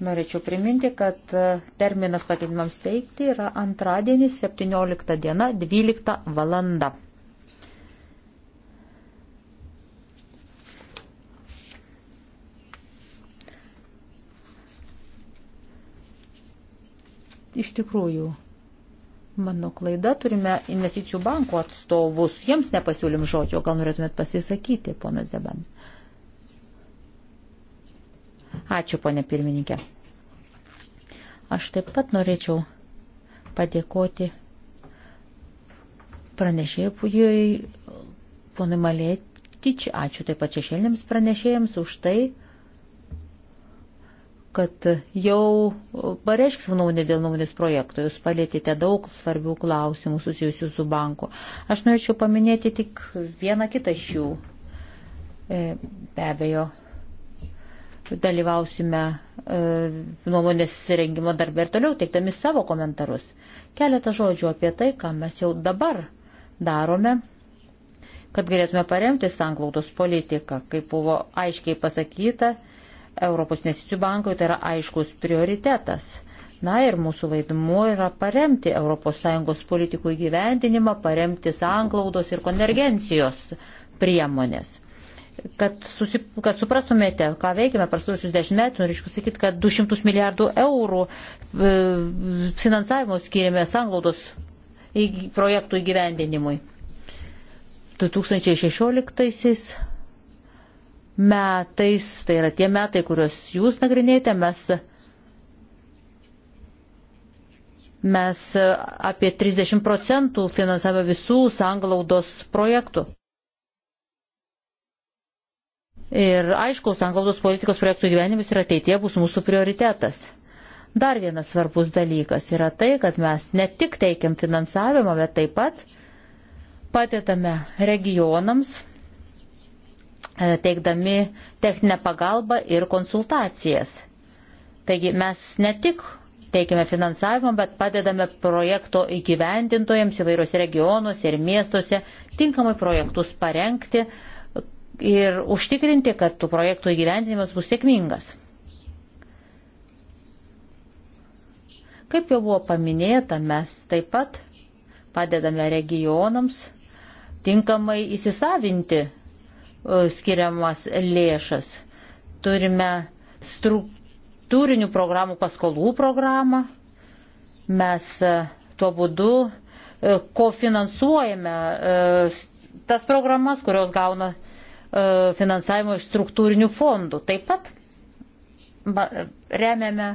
Norėčiau priminti, kad terminas pakeitimams teikti yra antradienis 17 diena 12 valanda. Iš tikrųjų, Mano klaida, turime investicijų banko atstovus, jiems nepasiūlim žodžio, gal norėtumėt pasisakyti, ponas Deban. Ačiū, ponė pirmininkė. Aš taip pat norėčiau padėkoti pranešėjui, ponui Malėtič, ačiū taip pat šešėlėms pranešėjams už tai, kad jau pareiškia savo nuomonę dėl nuomonės projekto. Jūs palėtėte daug svarbių klausimų susijusių su banku. Aš norėčiau paminėti tik vieną kitą iš jų. E, be abejo, dalyvausime e, nuomonės rengimo darbę ir toliau, teiktami savo komentarus. Keletą žodžių apie tai, ką mes jau dabar darome kad galėtume paremti sanglaudos politiką, kaip buvo aiškiai pasakyta Europos investicijų bankui tai yra aiškus prioritetas. Na ir mūsų vaidmuo yra paremti ES politikų įgyvendinimą, paremti sanglaudos ir konvergencijos priemonės. Kad, susi, kad suprastumėte, ką veikime prastuosius dešimtmetį, norėčiau pasakyti, kad 200 milijardų eurų e, finansavimo skiriame sanglaudos į, projektų įgyvendinimui. 2016 metais, tai yra tie metai, kuriuos jūs nagrinėjate, mes, mes apie 30 procentų finansavę visų sanglaudos projektų. Ir aišku, sanglaudos politikos projektų gyvenimas ir ateitie bus mūsų prioritetas. Dar vienas svarbus dalykas yra tai, kad mes ne tik teikiam finansavimą, bet taip pat padedame regionams E, teikdami techninę pagalbą ir konsultacijas. Taigi mes ne tik teikiame finansavimą, bet padedame projekto įgyvendintojams įvairiose regionuose ir miestuose tinkamai projektus parengti ir užtikrinti, kad tų projektų įgyvendinimas bus sėkmingas. Kaip jau buvo paminėta, mes taip pat padedame regionams tinkamai įsisavinti E, skiriamas lėšas. Turime struktūrinių programų paskolų programą. Mes e, tuo būdu e, kofinansuojame tas programas, kurios gauna finansavimo iš struktūrinių fondų. Taip pat remiame,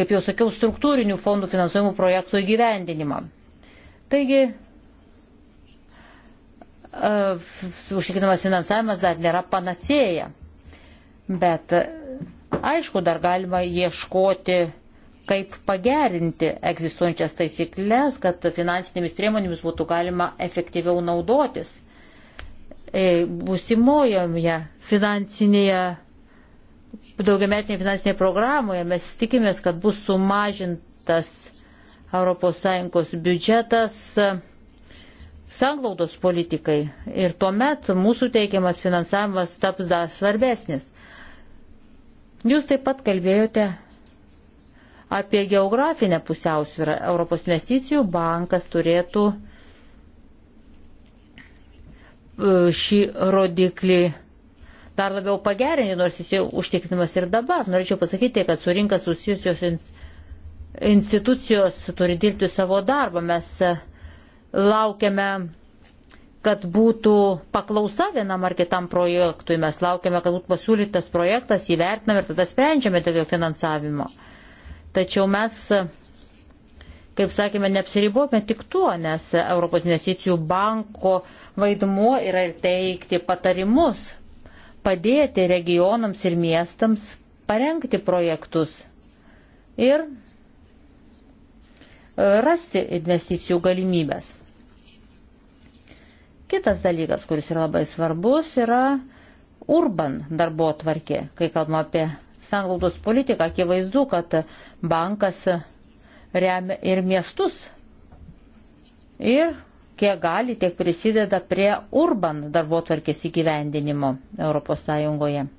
kaip jau sakiau, struktūrinių fondų finansuojamų projektų įgyvendinimą. Taigi užtikrinamas finansavimas dar nėra panacėja. Bet aišku, dar galima ieškoti, kaip pagerinti egzistuojančias taisyklės, kad finansinėmis priemonėmis būtų galima efektyviau naudotis. E, būsimojoje finansinėje, daugiametinėje finansinėje programoje mes tikimės, kad bus sumažintas ES biudžetas sanglaudos politikai ir tuomet mūsų teikiamas finansavimas taps dar svarbesnis. Jūs taip pat kalbėjote apie geografinę pusiausvyrą. Europos investicijų bankas turėtų e, šį rodiklį dar labiau pagerinti, nors jis jau užtikrinamas ir dabar. Norėčiau pasakyti, kad su rinka susijusios institucijos turi dirbti savo darbą. Mes e, laukiame kad būtų paklausa vienam ar kitam projektui. Mes laukiame, kad būtų pasiūlytas projektas, įvertiname ir tada sprendžiame dėl jo finansavimo. Tačiau mes, kaip sakėme, neapsiribuojame tik tuo, nes Europos investicijų banko vaidmuo yra ir teikti patarimus, padėti regionams ir miestams parengti projektus ir rasti investicijų galimybės. Kitas dalykas, kuris yra labai svarbus, yra urban darbo tvarkė. Kai kalbame apie sanglaudos politiką, akivaizdu, kad bankas remia ir miestus. Ir kiek gali, tiek prisideda prie urban darbo tvarkės įgyvendinimo ES.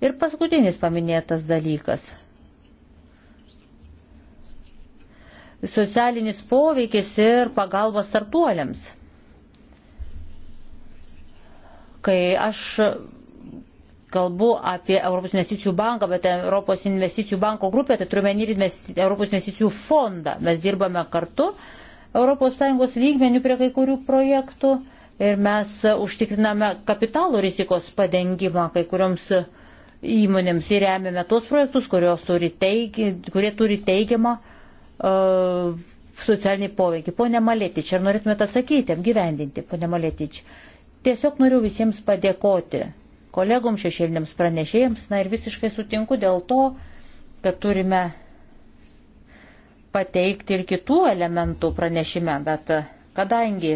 Ir paskutinis paminėtas dalykas socialinis poveikis ir pagalba startuoliams. Kai aš kalbu apie Europos investicijų banką, bet Europos investicijų banko grupė, tai turime ir Europos investicijų fondą. Mes dirbame kartu ES lygmenių prie kai kurių projektų ir mes užtikriname kapitalų rizikos padengimą kai kurioms įmonėms ir remiame tuos projektus, turi teigi, kurie turi teigiamą Uh, socialinį poveikį. Pone Malėtič, ar norėtumėte atsakyti, apgyvendinti, pone Malėtič? Tiesiog noriu visiems padėkoti kolegom šešėliniams pranešėjams, na ir visiškai sutinku dėl to, kad turime pateikti ir kitų elementų pranešime, bet kadangi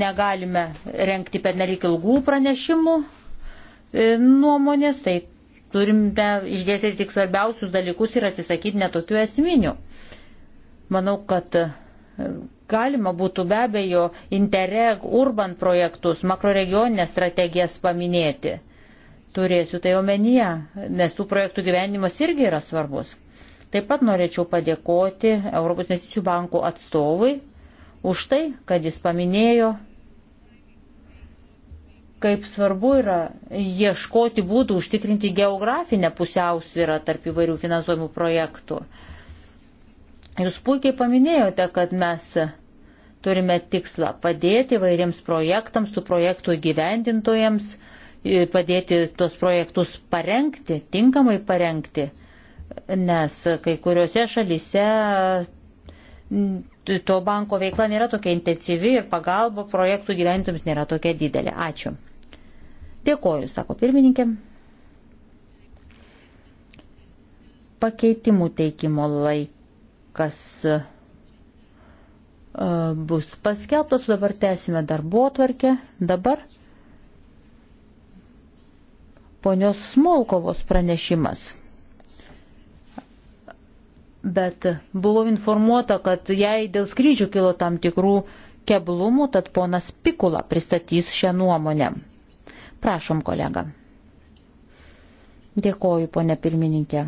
negalime renkti pernelik ilgų pranešimų e, nuomonės, tai turime išdėstyti tik svarbiausius dalykus ir atsisakyti netokių esminių. Manau, kad e, galima būtų be abejo Interreg Urban projektus, makroregioninės strategijas paminėti. Turėsiu tai omenyje, nes tų projektų gyvenimas irgi yra svarbus. Taip pat norėčiau padėkoti Europos investicijų bankų atstovui už tai, kad jis paminėjo kaip svarbu yra ieškoti būdų užtikrinti geografinę pusiausvyrą tarp įvairių finansuojamų projektų. Jūs puikiai paminėjote, kad mes turime tikslą padėti vairiems projektams, tų projektų gyvendintojams, padėti tuos projektus parengti, tinkamai parengti, nes kai kuriuose šalyse to banko veikla nėra tokia intensyvi ir pagalba projektų gyventojams nėra tokia didelė. Ačiū. Dėkoju, sako pirmininkė. Pakeitimų teikimo laikas e, bus paskelbtas, dabar tęsime darbo tvarkę. Dabar ponios Smolkovos pranešimas. Bet buvau informuota, kad jai dėl skrydžių kilo tam tikrų keblumų, tad ponas Pikula pristatys šią nuomonę. Prašom, kolega. Dėkoju, ponė pirmininkė.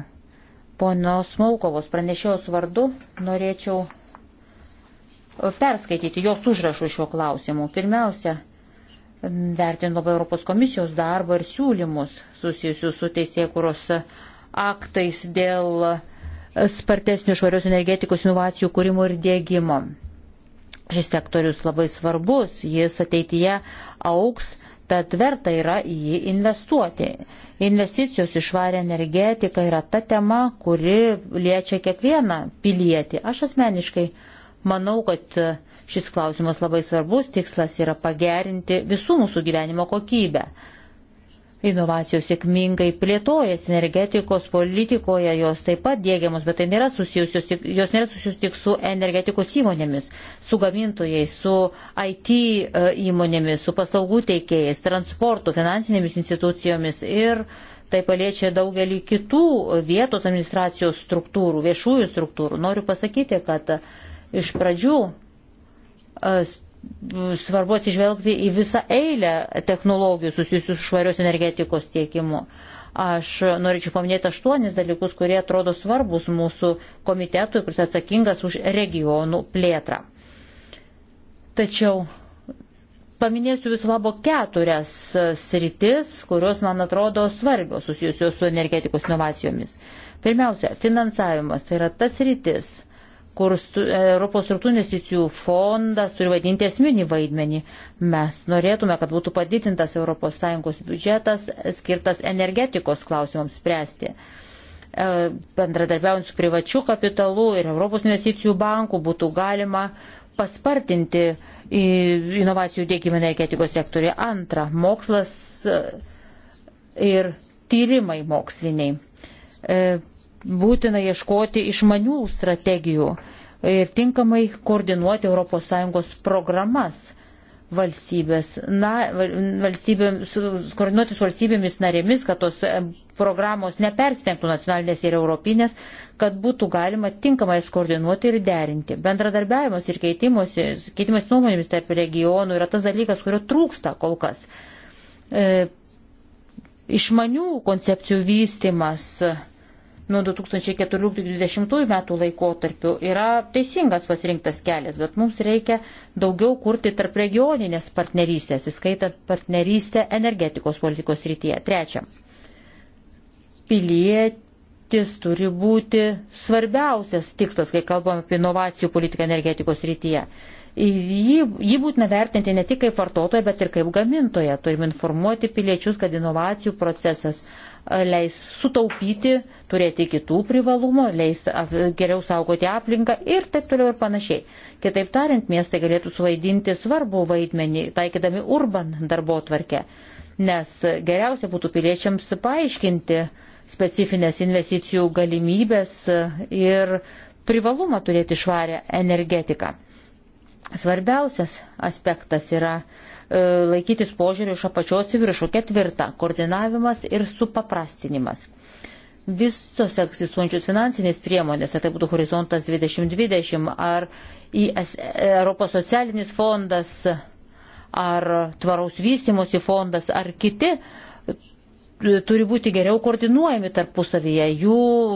Pono Smolkovos pranešėjos vardu norėčiau e, perskaityti jos užrašų šiuo klausimu. Pirmiausia, vertinu labai Europos komisijos darbą ir siūlymus susijusius su teisėkuros aktais dėl spartesnių švarios energetikos inovacijų kūrimo ir dėgymo. Šis sektorius labai svarbus, jis ateityje auks tad verta yra į jį investuoti. Investicijos į švarę energetiką yra ta tema, kuri liečia kiekvieną pilietį. Aš asmeniškai manau, kad šis klausimas labai svarbus, tikslas yra pagerinti visų mūsų gyvenimo kokybę. Inovacijos sėkmingai plėtojasi energetikos politikoje, jos taip pat dėgiamos, bet tai nėra susijusios, jos nėra susijusios tik su energetikos įmonėmis, su gamintojais, su IT e, įmonėmis, su paslaugų teikėjais, transportu, finansinėmis institucijomis ir tai paliečia daugelį kitų vietos administracijos struktūrų, viešųjų struktūrų. Noriu pasakyti, kad iš pradžių e, svarbu atsižvelgti į visą eilę technologijų susijusių su švarios energetikos tiekimu. Aš norėčiau paminėti aštuonis dalykus, kurie atrodo svarbus mūsų komitetui, kuris atsakingas už regionų plėtrą. Tačiau paminėsiu viso labo keturias sritis, kurios man atrodo svarbios susijusios su energetikos inovacijomis. Pirmiausia, finansavimas tai yra tas rytis, kur stu, e, Europos struktūrų investicijų fondas turi vadinti esminį vaidmenį. Mes norėtume, kad būtų padidintas ES biudžetas skirtas energetikos klausimams spręsti. E, bendradarbiaujant su privačiu kapitalu ir Europos investicijų banku būtų galima paspartinti inovacijų dėkimą energetikos sektorį. Antra, mokslas e, ir tyrimai moksliniai būtina ieškoti išmanių strategijų ir tinkamai koordinuoti ES programas valstybės, na, valstybėms, koordinuoti su valstybėmis narėmis, kad tos e, programos nepersitengtų nacionalinės ir europinės, kad būtų galima tinkamai jas koordinuoti ir derinti. Bendradarbiavimas ir keitimas, keitimas nuomonėmis tarp regionų yra tas dalykas, kurio trūksta kol kas. E, išmanių koncepcijų vystimas. E, nuo 2014-2020 metų laikotarpių yra teisingas pasirinktas kelias, bet mums reikia daugiau kurti tarp regioninės partnerystės, įskaitant partnerystę energetikos politikos rytyje. Trečia, pilietis turi būti svarbiausias tikslas, kai kalbam apie inovacijų politiką energetikos rytyje. Jį, jį būtina vertinti ne tik kaip vartotoją, bet ir kaip gamintoją. Turime informuoti piliečius, kad inovacijų procesas E, leis sutaupyti, turėti kitų privalumų, leis e, geriau saugoti aplinką ir taip toliau ir panašiai. Kitaip tariant, miestai galėtų suvaidinti svarbų vaidmenį, taikydami urban darbo tvarkę, nes geriausia būtų piliečiams paaiškinti specifines investicijų galimybės ir privalumą turėti švarę energetiką. Svarbiausias aspektas yra E, laikytis požiūrių iš apačios į viršų. Ketvirta - koordinavimas ir supaprastinimas. Visos egzistuojančios finansinės priemonės, ar tai būtų Horizontas 2020, ar IS, Europos socialinis fondas, ar tvaraus vystimosi fondas, ar kiti turi būti geriau koordinuojami tarpusavyje, jų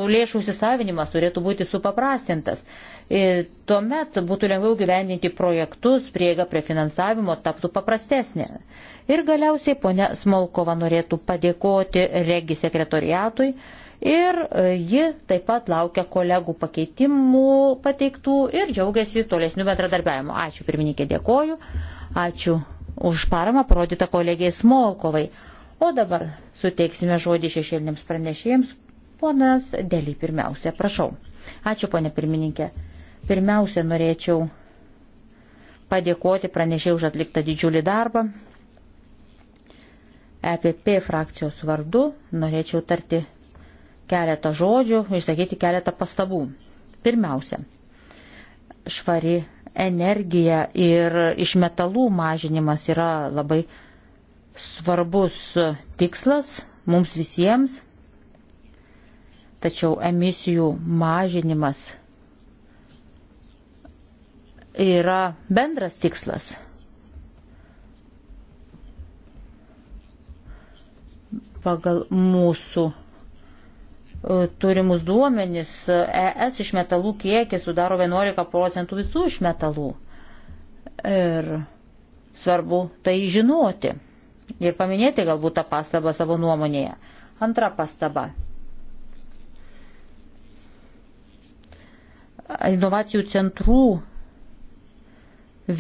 lėšų įsisavinimas turėtų būti supaprastintas. Ir e, tuomet būtų lengviau gyvendinti projektus, prieiga prie finansavimo taptų paprastesnė. Ir galiausiai ponia Smolkova norėtų padėkoti regi sekretoriatui ir e, ji taip pat laukia kolegų pakeitimų pateiktų ir džiaugiasi tolesnių bendradarbiavimo. Ačiū pirmininkė, dėkoju. Ačiū už paramą parodytą kolegijai Smolkovai. O dabar suteiksime žodį šešėlinėms pranešėjams. Ponas Dėlį pirmiausia, prašau. Ačiū, ponė pirmininkė. Pirmiausia, norėčiau padėkoti pranešėjai už atliktą didžiulį darbą. EPP frakcijos vardu norėčiau tarti keletą žodžių, išsakyti keletą pastabų. Pirmiausia, švari energija ir iš metalų mažinimas yra labai svarbus tikslas mums visiems, tačiau emisijų mažinimas yra bendras tikslas. Pagal mūsų e, turimus duomenis e, ES išmetalų kiekis sudaro 11 procentų visų išmetalų. Ir svarbu tai žinoti ir paminėti galbūt tą pastabą savo nuomonėje. Antra pastaba. Inovacijų centrų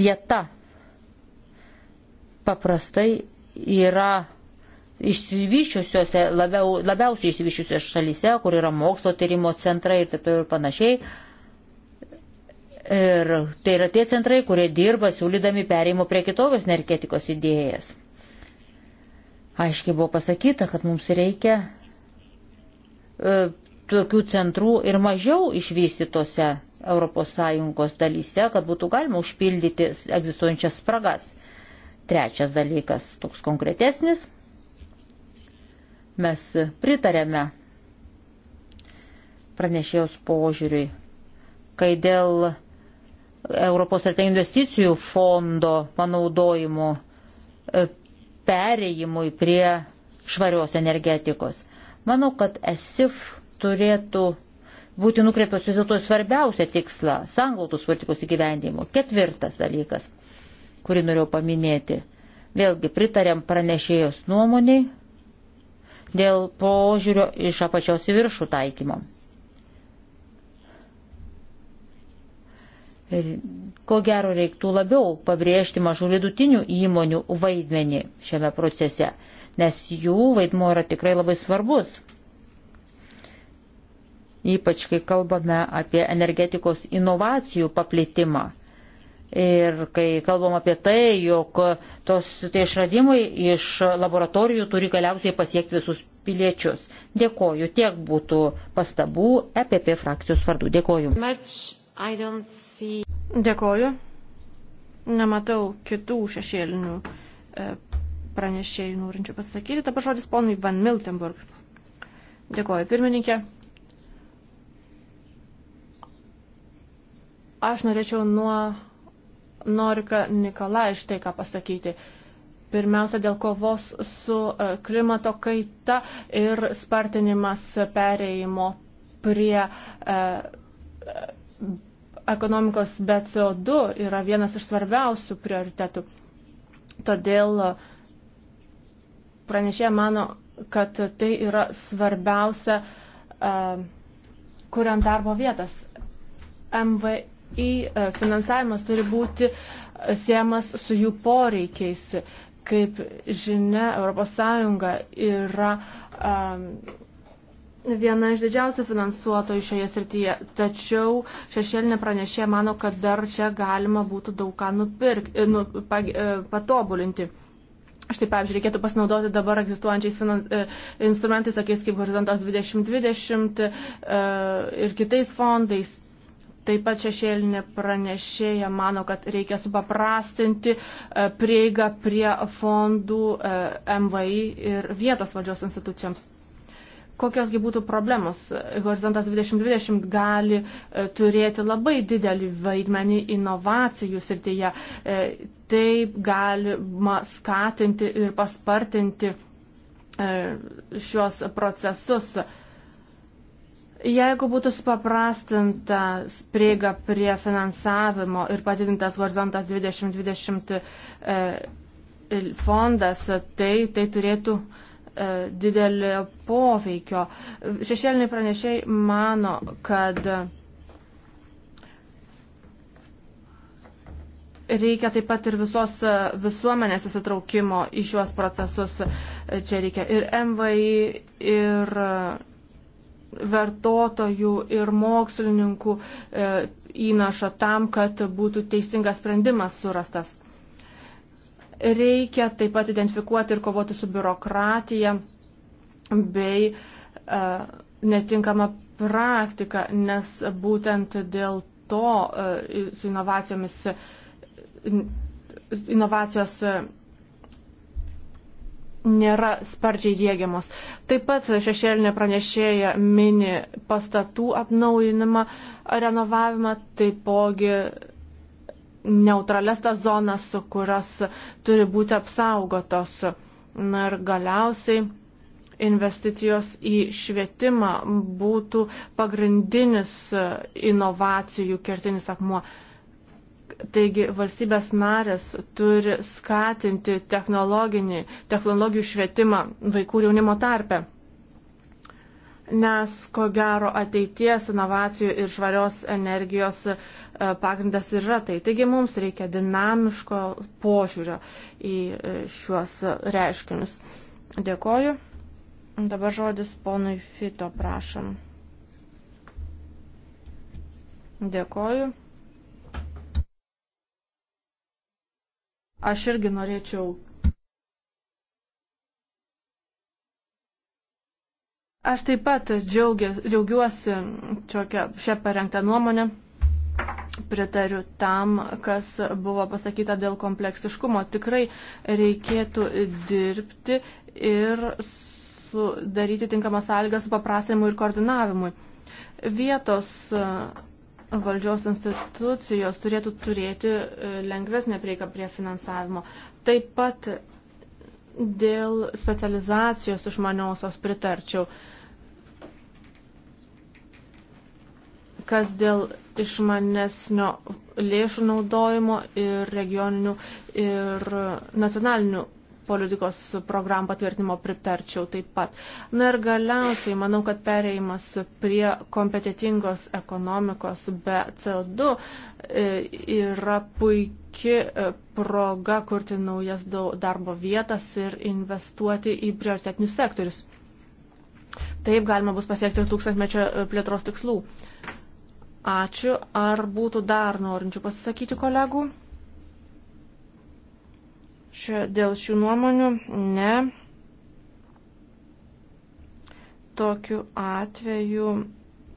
vieta paprastai yra išsivyščiusiuose, labiau, labiausiai išsivyščiusiuose šalyse, kur yra mokslo tyrimo centrai ir taip toliau ir panašiai. Ir tai yra tie centrai, kurie dirba siūlydami perėjimo prie kitokios energetikos idėjas. Aiškiai buvo pasakyta, kad mums reikia e, tokių centrų ir mažiau išvystytose ES dalyse, kad būtų galima užpildyti egzistuojančias spragas. Trečias dalykas, toks konkretesnis, mes pritarėme pranešėjos požiūriui, kai dėl Europos strateginių investicijų fondo panaudojimo e, perėjimui prie švarios energetikos. Manau, kad ESIF turėtų būti nukreiptos vis dėlto į svarbiausią tikslą - sanglautos politikos įgyvendimo. Ketvirtas dalykas, kurį norėjau paminėti. Vėlgi pritarėm pranešėjos nuomoniai dėl požiūrio iš apačios į viršų taikymo. Ir ko gero reiktų labiau pabrėžti mažų vidutinių įmonių vaidmenį šiame procese, nes jų vaidmuo yra tikrai labai svarbus. Ypač kai kalbame apie energetikos inovacijų paplitimą. Ir kai kalbam apie tai, jog tos, tie išradimai iš laboratorijų turi galiausiai pasiekti visus piliečius. Dėkoju, tiek būtų pastabų EPP frakcijos vardu. Dėkoju. Much see... Dėkoju. Nematau kitų šešėlinių e, pranešėjų norinčių pasakyti. Dabar žodis ponui Van Miltenburg. Dėkoju, pirmininkė. Aš norėčiau nuo Norika Nikolai štai ką pasakyti. Pirmiausia, dėl kovos su e, klimato kaita ir spartinimas pereimo prie e, ekonomikos be CO2 yra vienas iš svarbiausių prioritetų. Todėl pranešė mano, kad tai yra svarbiausia, kuriant darbo vietas. MVI finansavimas turi būti siemas su jų poreikiais. Kaip žinia, ES yra viena iš didžiausių finansuotojų šioje srityje, tačiau šešėlinė pranešė mano, kad dar čia galima būtų daug ką nupirk, e, nu, pag, e, patobulinti. Štai, pavyzdžiui, reikėtų pasinaudoti dabar egzistuojančiais finans, e, instrumentais, tokiais kaip Horizontas 2020 e, ir kitais fondais. Taip pat šešėlinė pranešėja mano, kad reikia supaprastinti e, prieigą prie fondų e, MVI ir vietos valdžios institucijoms kokiosgi būtų problemos. Horizontas 2020 gali e, turėti labai didelį vaidmenį inovacijų srityje. E, taip galima skatinti ir paspartinti e, šios procesus. Jeigu būtų supaprastinta prieiga prie finansavimo ir padidintas horizontas 2020 fondas, tai, tai turėtų uh, E, didelio poveikio. Šešėliniai pranešiai mano, kad reikia taip pat ir visos visuomenės įsitraukimo į šiuos procesus. Čia reikia ir MVI, ir vartotojų, ir mokslininkų e, įnašo tam, kad būtų teisingas sprendimas surastas. Reikia taip pat identifikuoti ir kovoti su biurokratija bei e, netinkama praktika, nes būtent dėl to e, su inovacijomis e, inovacijos e, nėra sparčiai dėgiamos. Taip pat šešėlinė pranešėja mini pastatų atnaujinimą, renovavimą, taipogi neutrales tas zonas, kurios turi būti apsaugotos. Na ir galiausiai investicijos į švietimą būtų pagrindinis inovacijų kertinis akmuo. Taigi valstybės narės turi skatinti technologijų švietimą vaikų ir jaunimo tarpe nes ko gero ateities inovacijų ir švarios energijos e, pagrindas ir yra tai. Taigi mums reikia dinamiško požiūrio į e, šiuos reiškinius. Dėkoju. Dabar žodis ponui Fito, prašom. Dėkoju. Aš irgi norėčiau Aš taip pat džiaugia, džiaugiuosi čiokia, šią parengtą nuomonę. Pritariu tam, kas buvo pasakyta dėl kompleksiškumo. Tikrai reikėtų dirbti ir sudaryti tinkamas sąlygas su paprastinimui ir koordinavimui. Vietos e, valdžios institucijos turėtų turėti e, lengvesnę prieigą prie finansavimo. Taip pat dėl specializacijos išmaniosios pritarčiau. Uh, Kas dėl išmanesnio lėšų naudojimo ir regioninių ir nacionalinių politikos programų patvirtinimo pritarčiau taip pat. Na ir galiausiai manau, kad pereimas prie kompetitingos ekonomikos be CO2 e, yra puikia e, proga kurti naujas darbo vietas ir investuoti į prioritetinius sektorius. Taip galima bus pasiekti tūkstantmečio e, plėtros tikslų. Ačiū. Ar būtų dar norinčių pasisakyti kolegų? Šia, dėl šių nuomonių ne. Tokiu atveju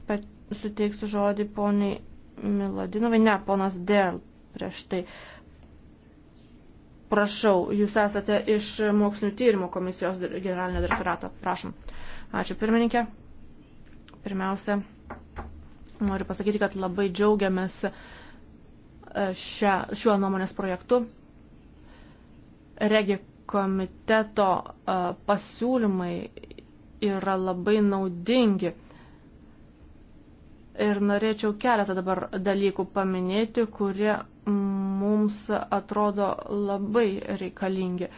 pat, suteiksiu žodį poniai Miladinovai. Ne, ponas Derl prieš tai. Prašau, jūs esate iš mokslinio tyrimo komisijos generalinio direktorato. Prašom. Ačiū pirmininkė. Pirmiausia, Noriu pasakyti, kad labai džiaugiamės e, šia, šiuo nuomonės projektu. Regi komiteto e, pasiūlymai yra labai naudingi. Ir norėčiau keletą dabar dalykų paminėti, kurie mums atrodo labai reikalingi.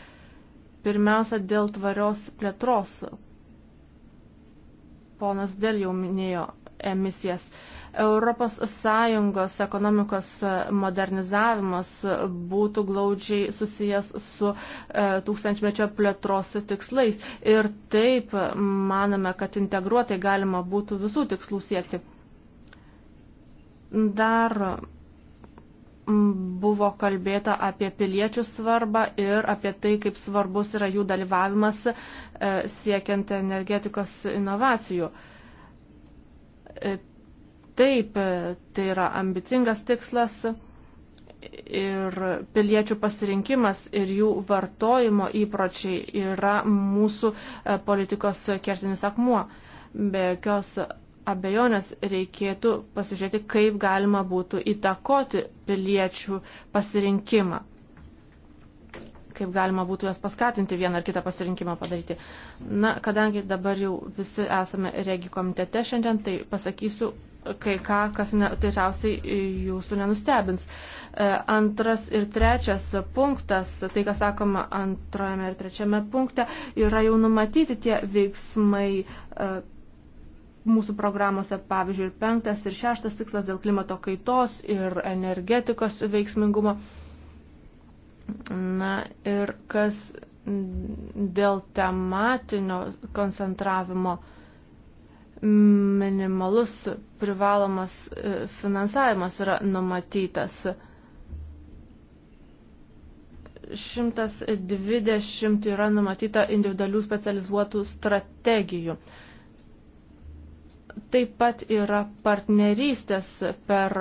Pirmiausia, dėl tvarios plėtros. Ponas Dėl jau minėjo emisijas. ES ekonomikos modernizavimas būtų glaudžiai susijęs su e, tūkstančmečio plėtros tikslais. Ir taip manome, kad integruotai galima būtų visų tikslų siekti. Dar buvo kalbėta apie piliečių svarbą ir apie tai, kaip svarbus yra jų dalyvavimas e, siekiant energetikos inovacijų. E, E, taip, e, tai yra ambicingas tikslas ir piliečių pasirinkimas ir jų vartojimo įpročiai yra mūsų e, politikos kertinis akmuo. Be jokios abejonės reikėtų pasižiūrėti, kaip galima būtų įtakoti piliečių pasirinkimą kaip galima būtų juos paskatinti vieną ar kitą pasirinkimą padaryti. Na, kadangi dabar jau visi esame regi komitete šiandien, tai pasakysiu kai ką, kas ne, tiesiausiai jūsų nenustebins. E, antras ir trečias punktas, tai kas sakoma antrojame ir trečiame punkte, yra jau numatyti tie veiksmai e, mūsų programuose, pavyzdžiui, ir penktas ir šeštas tikslas dėl klimato kaitos ir energetikos veiksmingumo. Na ir kas dėl tematinio koncentravimo minimalus privalomas e, finansavimas yra numatytas. 120 yra numatyta individualių specializuotų strategijų. Taip pat yra partnerystės per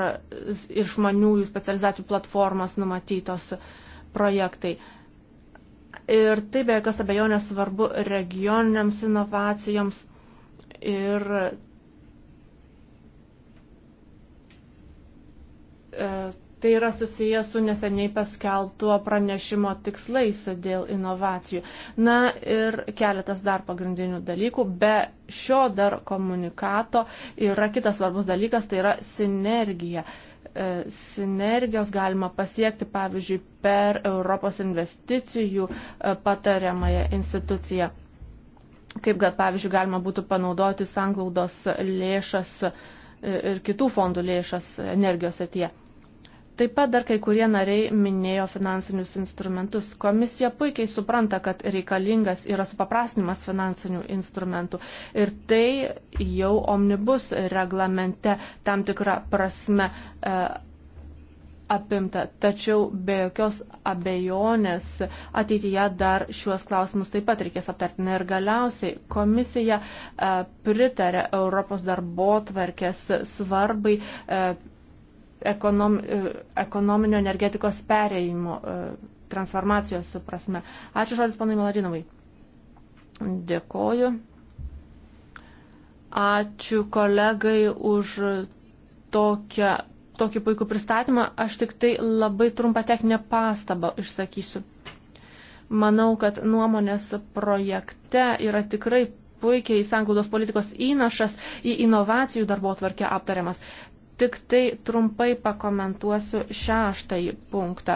išmaniųjų specializacijų platformas numatytos. Uh, projektai. Ir tai be jokios abejonės svarbu regioniniams inovacijoms ir e, tai yra susijęs su neseniai paskelbtuo pranešimo tikslais dėl inovacijų. Na ir keletas dar pagrindinių dalykų. Be šio dar komunikato yra kitas svarbus dalykas, tai yra sinergija. Uh, E, sinergijos galima pasiekti, pavyzdžiui, per Europos investicijų e, patariamąją instituciją. Kaip, kad, pavyzdžiui, galima būtų panaudoti sanglaudos lėšas e, ir kitų fondų lėšas energijos atėje. Taip pat dar kai kurie nariai minėjo finansinius instrumentus. Komisija puikiai supranta, kad reikalingas yra supaprastinimas finansinių instrumentų. Ir tai jau omnibus reglamente tam tikrą prasme e, apimta. Tačiau be jokios abejonės ateityje dar šiuos klausimus taip pat reikės aptarti. Na ir galiausiai komisija e, pritarė Europos darbo tvarkės svarbai. E, ekonom, e, ekonominio energetikos perėjimo, e, transformacijos prasme. Ačiū žodis panui Maladinovai. Dėkoju. Ačiū kolegai už tokią, tokį puikų pristatymą. Aš tik tai labai trumpą techninę pastabą išsakysiu. Manau, kad nuomonės projekte yra tikrai puikiai sanglaudos politikos įnašas į inovacijų darbo tvarkę aptariamas tik tai trumpai pakomentuosiu šeštąjį punktą.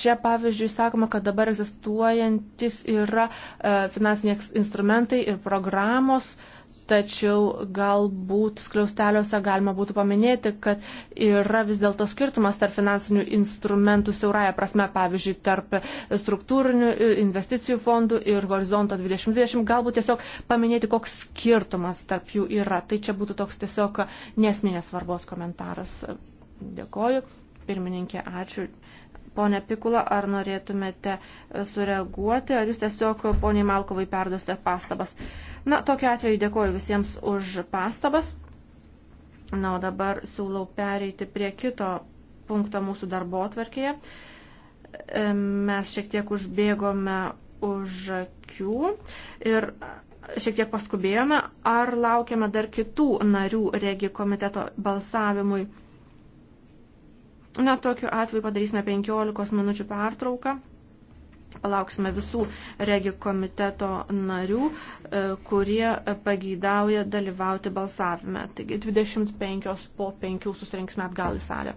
Čia pavyzdžiui sakoma, kad dabar egzistuojantis yra e, finansiniai instrumentai ir programos, uh, Tačiau galbūt skliausteliuose galima būtų paminėti, kad yra vis dėlto skirtumas tarp finansinių instrumentų siauraja prasme, pavyzdžiui, tarp struktūrinių e, investicijų fondų ir horizonto 2020. Galbūt tiesiog paminėti, koks skirtumas tarp jų yra. Tai čia būtų toks tiesiog nesminės svarbos komentaras. Dėkoju. Pirmininkė, ačiū. Pone Pikula, ar norėtumėte sureaguoti, ar jūs tiesiog poniai Malkovai perduosite pastabas? Uh, Na, tokiu atveju dėkoju visiems už pastabas. Na, o dabar siūlau pereiti prie kito punkto mūsų darbo atverkėje. E, mes šiek tiek užbėgome už akių ir šiek tiek paskubėjome. Ar laukiame dar kitų narių regi komiteto balsavimui? Na, tokiu atveju padarysime 15 minučių pertrauką palauksime visų regi komiteto narių, e, kurie pageidauja dalyvauti balsavime. Taigi 25 po 5 susirinksime atgal į salę.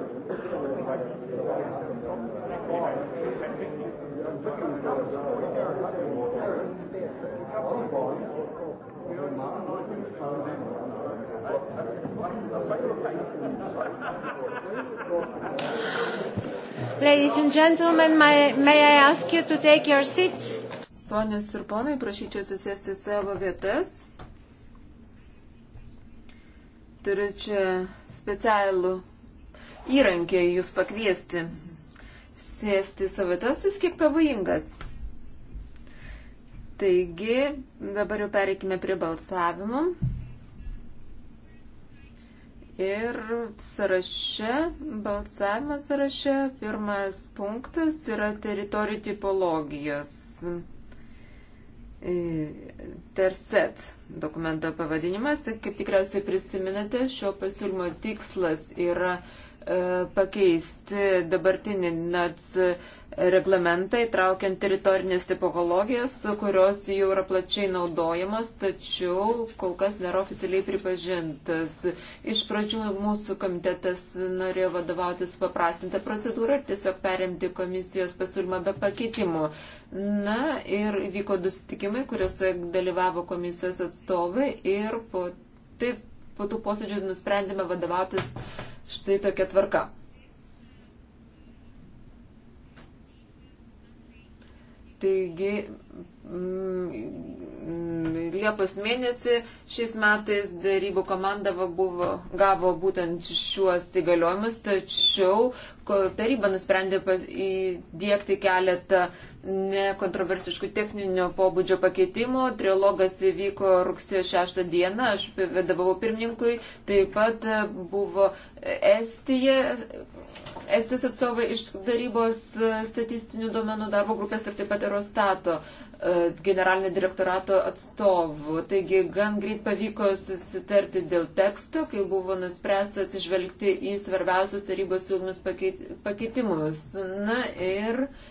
Ladies and gentlemen, may, may I ask you to take your seats? Ponios ir ponai, prašyčiau susėsti savo vietas. Turiu čia specialų įrankį jūs pakviesti sėsti į savitas, jis kiek pavojingas. Taigi, dabar jau pereikime prie balsavimo. Ir sąraše, balsavimo sąraše, pirmas punktas yra teritorijų tipologijos. E, Terset dokumento pavadinimas, kaip tikriausiai prisiminate, šio pasiūlymo tikslas yra E, pakeisti dabartinį NATS reglamentą įtraukiant teritorinės tipologijas, kurios jau yra plačiai naudojamas, tačiau kol kas nėra oficialiai pripažintas. Iš pradžių mūsų komitetas norėjo vadovautis paprastintą procedūrą ir tiesiog perimti komisijos pasiūlymą be pakeitimų. Na ir vyko du sutikimai, kuriuose dalyvavo komisijos atstovai ir po, taip, po tų posėdžių nusprendėme vadovautis uh, Štai tokia tvarka. Taigi, mm, mm, Liepos mėnesį šiais metais darybų komanda buvo, gavo būtent šiuos įgaliojimus, tačiau taryba nusprendė įdėkti keletą nekontroversiškų techninio pobūdžio pakeitimų. Trilogas įvyko rugsėjo 6 dieną, aš vedavau pirmininkui, taip pat buvo Estija Estijos atstovai iš darybos e, statistinių duomenų darbo grupės ir taip pat Eurostato e, generalinio direktorato atstovų. Taigi gan greit pavyko susitarti dėl teksto, kai buvo nuspręsta atsižvelgti į svarbiausius tarybos siūlymus pakeitimus. Na ir uh,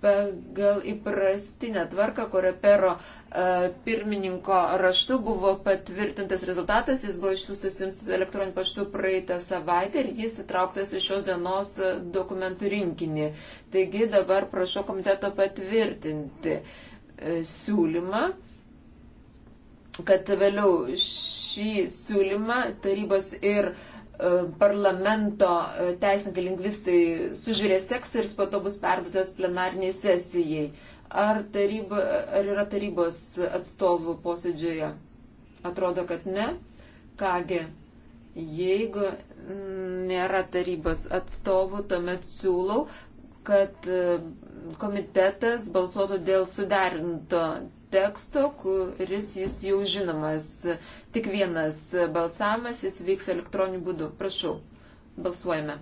pagal įprastinę tvarką, kurio pero e, pirmininko raštu buvo patvirtintas rezultatas, jis buvo išsiųstas jums elektroniniu paštu praeitą savaitę ir jis įtrauktas į šios dienos dokumentų rinkinį. Taigi dabar prašau komiteto patvirtinti e, siūlymą, kad vėliau šį siūlymą tarybos ir uh, parlamento e, teisininkai lingvistai sužiūrės tekstą ir jis po to bus perduotas plenarniai sesijai. Ar, taryba, ar yra tarybos atstovų posėdžioje? Atrodo, kad ne. Kągi, jeigu nėra tarybos atstovų, tuomet siūlau, kad e, komitetas balsuotų dėl suderinto teksto, kuris jis jau žinomas. Tik vienas balsavimas, jis vyks elektroniniu būdu. Prašau, balsuojame.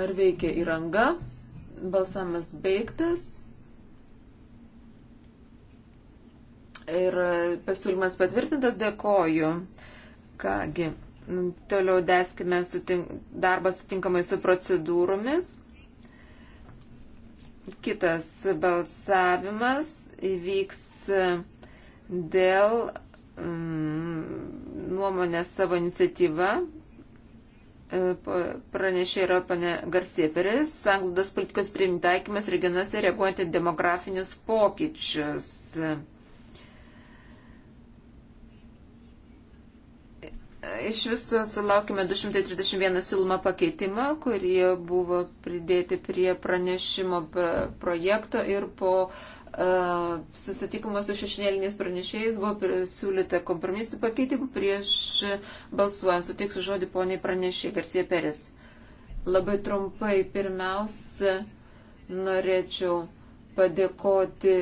Ar veikia įranga? Balsamas baigtas. Ir pasiūlymas patvirtintas, dėkoju. Kągi, toliau deskime sutink, darbą sutinkamai su procedūromis. Kitas balsavimas įvyks dėl mm, nuomonės savo iniciatyva. E, pranešė yra pane Garsieperis, sanglaudos politikos priimtaikymas regionuose reaguojant į demografinius pokyčius. Iš viso sulaukime 231 siūlymą pakeitimą, kurie buvo pridėti prie pranešimo projekto ir po uh, susitikimo su šešinėliniais pranešėjais buvo siūlyta kompromisų pakeitimų prieš balsuojant. Suteiksiu žodį poniai pranešė Garsie Peres. Labai trumpai pirmiausia norėčiau padėkoti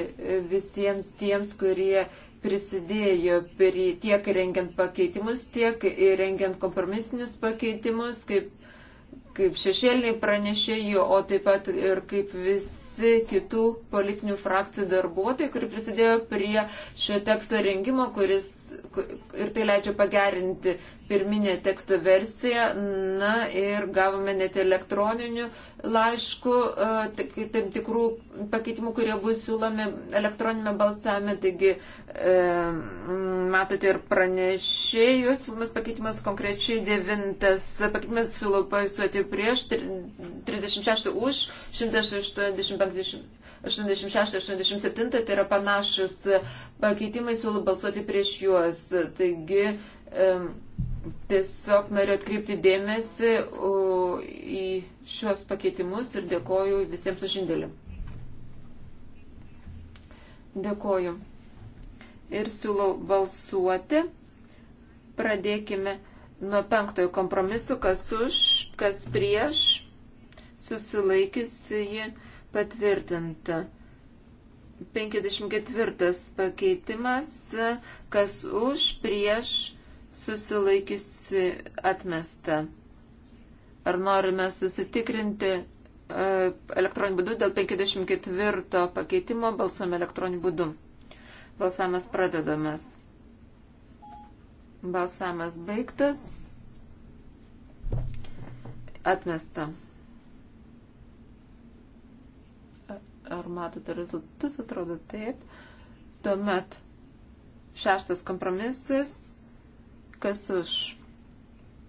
visiems tiems, kurie prisidėjo prie, tiek rengiant pakeitimus, tiek rengiant kompromisinius pakeitimus, kaip, kaip šešėliniai pranešėjų, o taip pat ir kaip visi kitų politinių frakcijų darbuotojai, kurie prisidėjo prie šio teksto rengimo, kuris ir tai leidžia pagerinti pirminę teksto versiją. Na ir gavome net elektroninių laiškų, e, tam tikrų pakeitimų, kurie bus siūlomi elektroninėme balsavime. Taigi, e, matote ir pranešėjų siūlomas pakeitimas, konkrečiai devintas pakeitimas siūlo pasuoti prieš, 36 už, 185 86-87, tai yra panašus pakeitimai, siūlau balsuoti prieš juos. Taigi, tiesiog noriu atkreipti dėmesį į šios pakeitimus ir dėkoju visiems už indėlį. Dėkoju. Ir siūlau balsuoti. Pradėkime nuo penktojo kompromisu, kas už, kas prieš, susilaikiusi jį patvirtinta. 54 pakeitimas, kas už, prieš, susilaikiusi atmesta. Ar norime susitikrinti e, elektroniniu būdu dėl 54 pakeitimo balsuom elektroniniu būdu. Balsamas pradedamas. Balsamas baigtas. Atmesta. Ar matote rezultatus? Atrodo taip. Tuomet šeštas kompromisas. Kas už?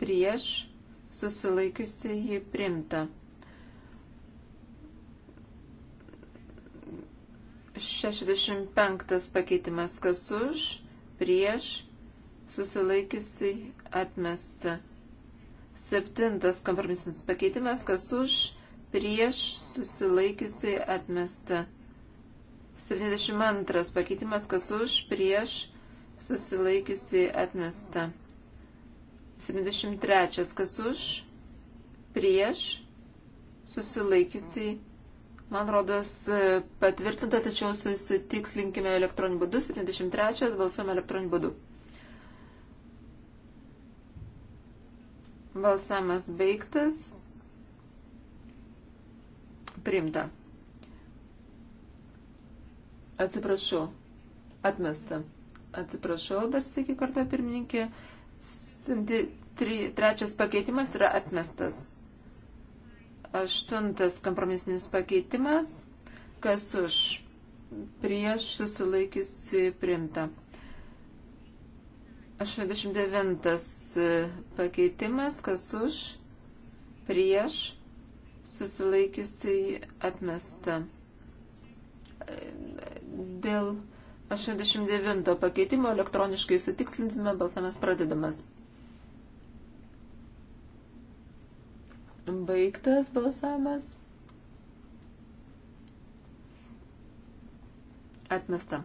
Prieš susilaikiusi jį primta. Šešdešimt penktas pakeitimas. Kas už? Prieš susilaikiusi atmesta. Septintas kompromisinis pakeitimas. Kas už? prieš susilaikiusi atmesta. 72 pakeitimas, kas už, prieš susilaikiusi atmesta. 73 kas už, prieš susilaikiusi. Man rodos e, patvirtinta, tačiau susitikslinkime elektroniniu būdu. 73 balsuojame elektroniniu būdu. Balsamas baigtas. Primta. Atsiprašau. Atmesta. Atsiprašau dar sėki kartą pirmininkė. Trečias pakeitimas yra atmestas. Aštuntas kompromisinis pakeitimas. Kas už? Prieš susilaikysi primta. 89 e, pakeitimas. Kas už? Prieš susilaikiusiai atmesta. Dėl 89 pakeitimo elektroniškai sutikslinsime, balsamas pradedamas. Baigtas balsavimas. Atmesta.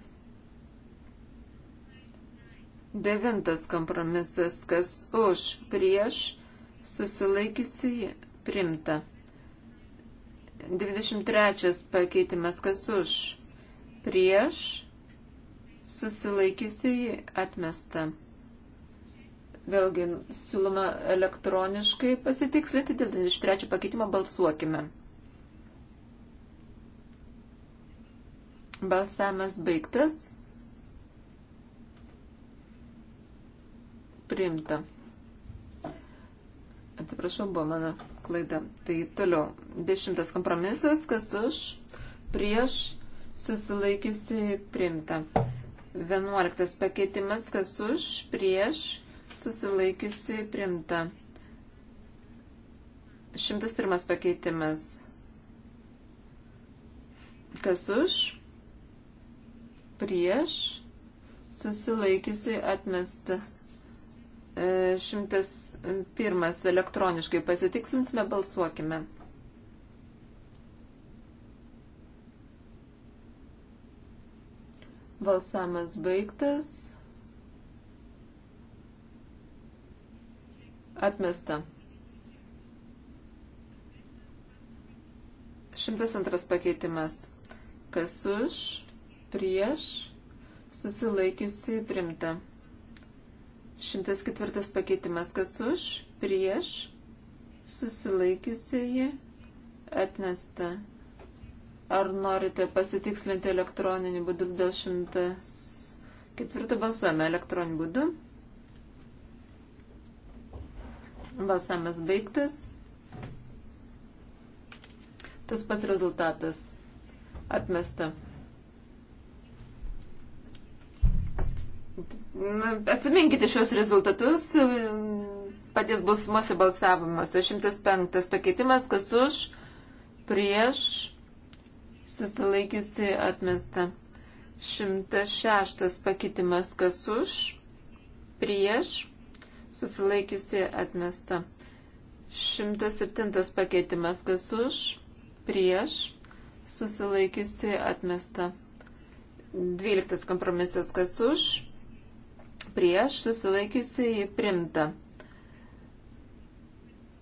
Devintas kompromisas, kas už, prieš, susilaikiusiai primta. 23 pakeitimas, kas už, prieš, susilaikysiai atmesta. Vėlgi, siūloma elektroniškai pasitikslinti dėl 23 pakeitimo balsuokime. Balsavimas baigtas. Priimta. Atsiprašau, buvo mano klaida. Tai toliau. Dešimtas kompromisas, kas už, prieš, susilaikiusi priimta. Vienuoliktas pakeitimas, kas už, prieš, susilaikiusi priimta. Šimtas pirmas pakeitimas. Kas už, prieš, susilaikiusi atmesta. 101 elektroniškai pasitikslinsime, balsuokime. Balsamas baigtas. Atmesta. 102 pakeitimas. Kas už, prieš, susilaikiusi, primta. 104 pakeitimas, kas už, prieš, susilaikiusieji, atmesta. Ar norite pasitikslinti elektroninį būdų dėl 104 balsuojame elektroniniu būdu. Balsavimas baigtas. Tas pats rezultatas. Atmesta. Atsiminkite šios rezultatus, patys būsimuose balsavimuose. 105 pakeitimas, kas už, prieš, susilaikiusi atmesta. 106 pakeitimas, kas už, prieš, susilaikiusi atmesta. 107 pakeitimas, kas už, prieš, susilaikiusi atmesta. 12 kompromisas, kas už, prieš, susilaikiusiai primta.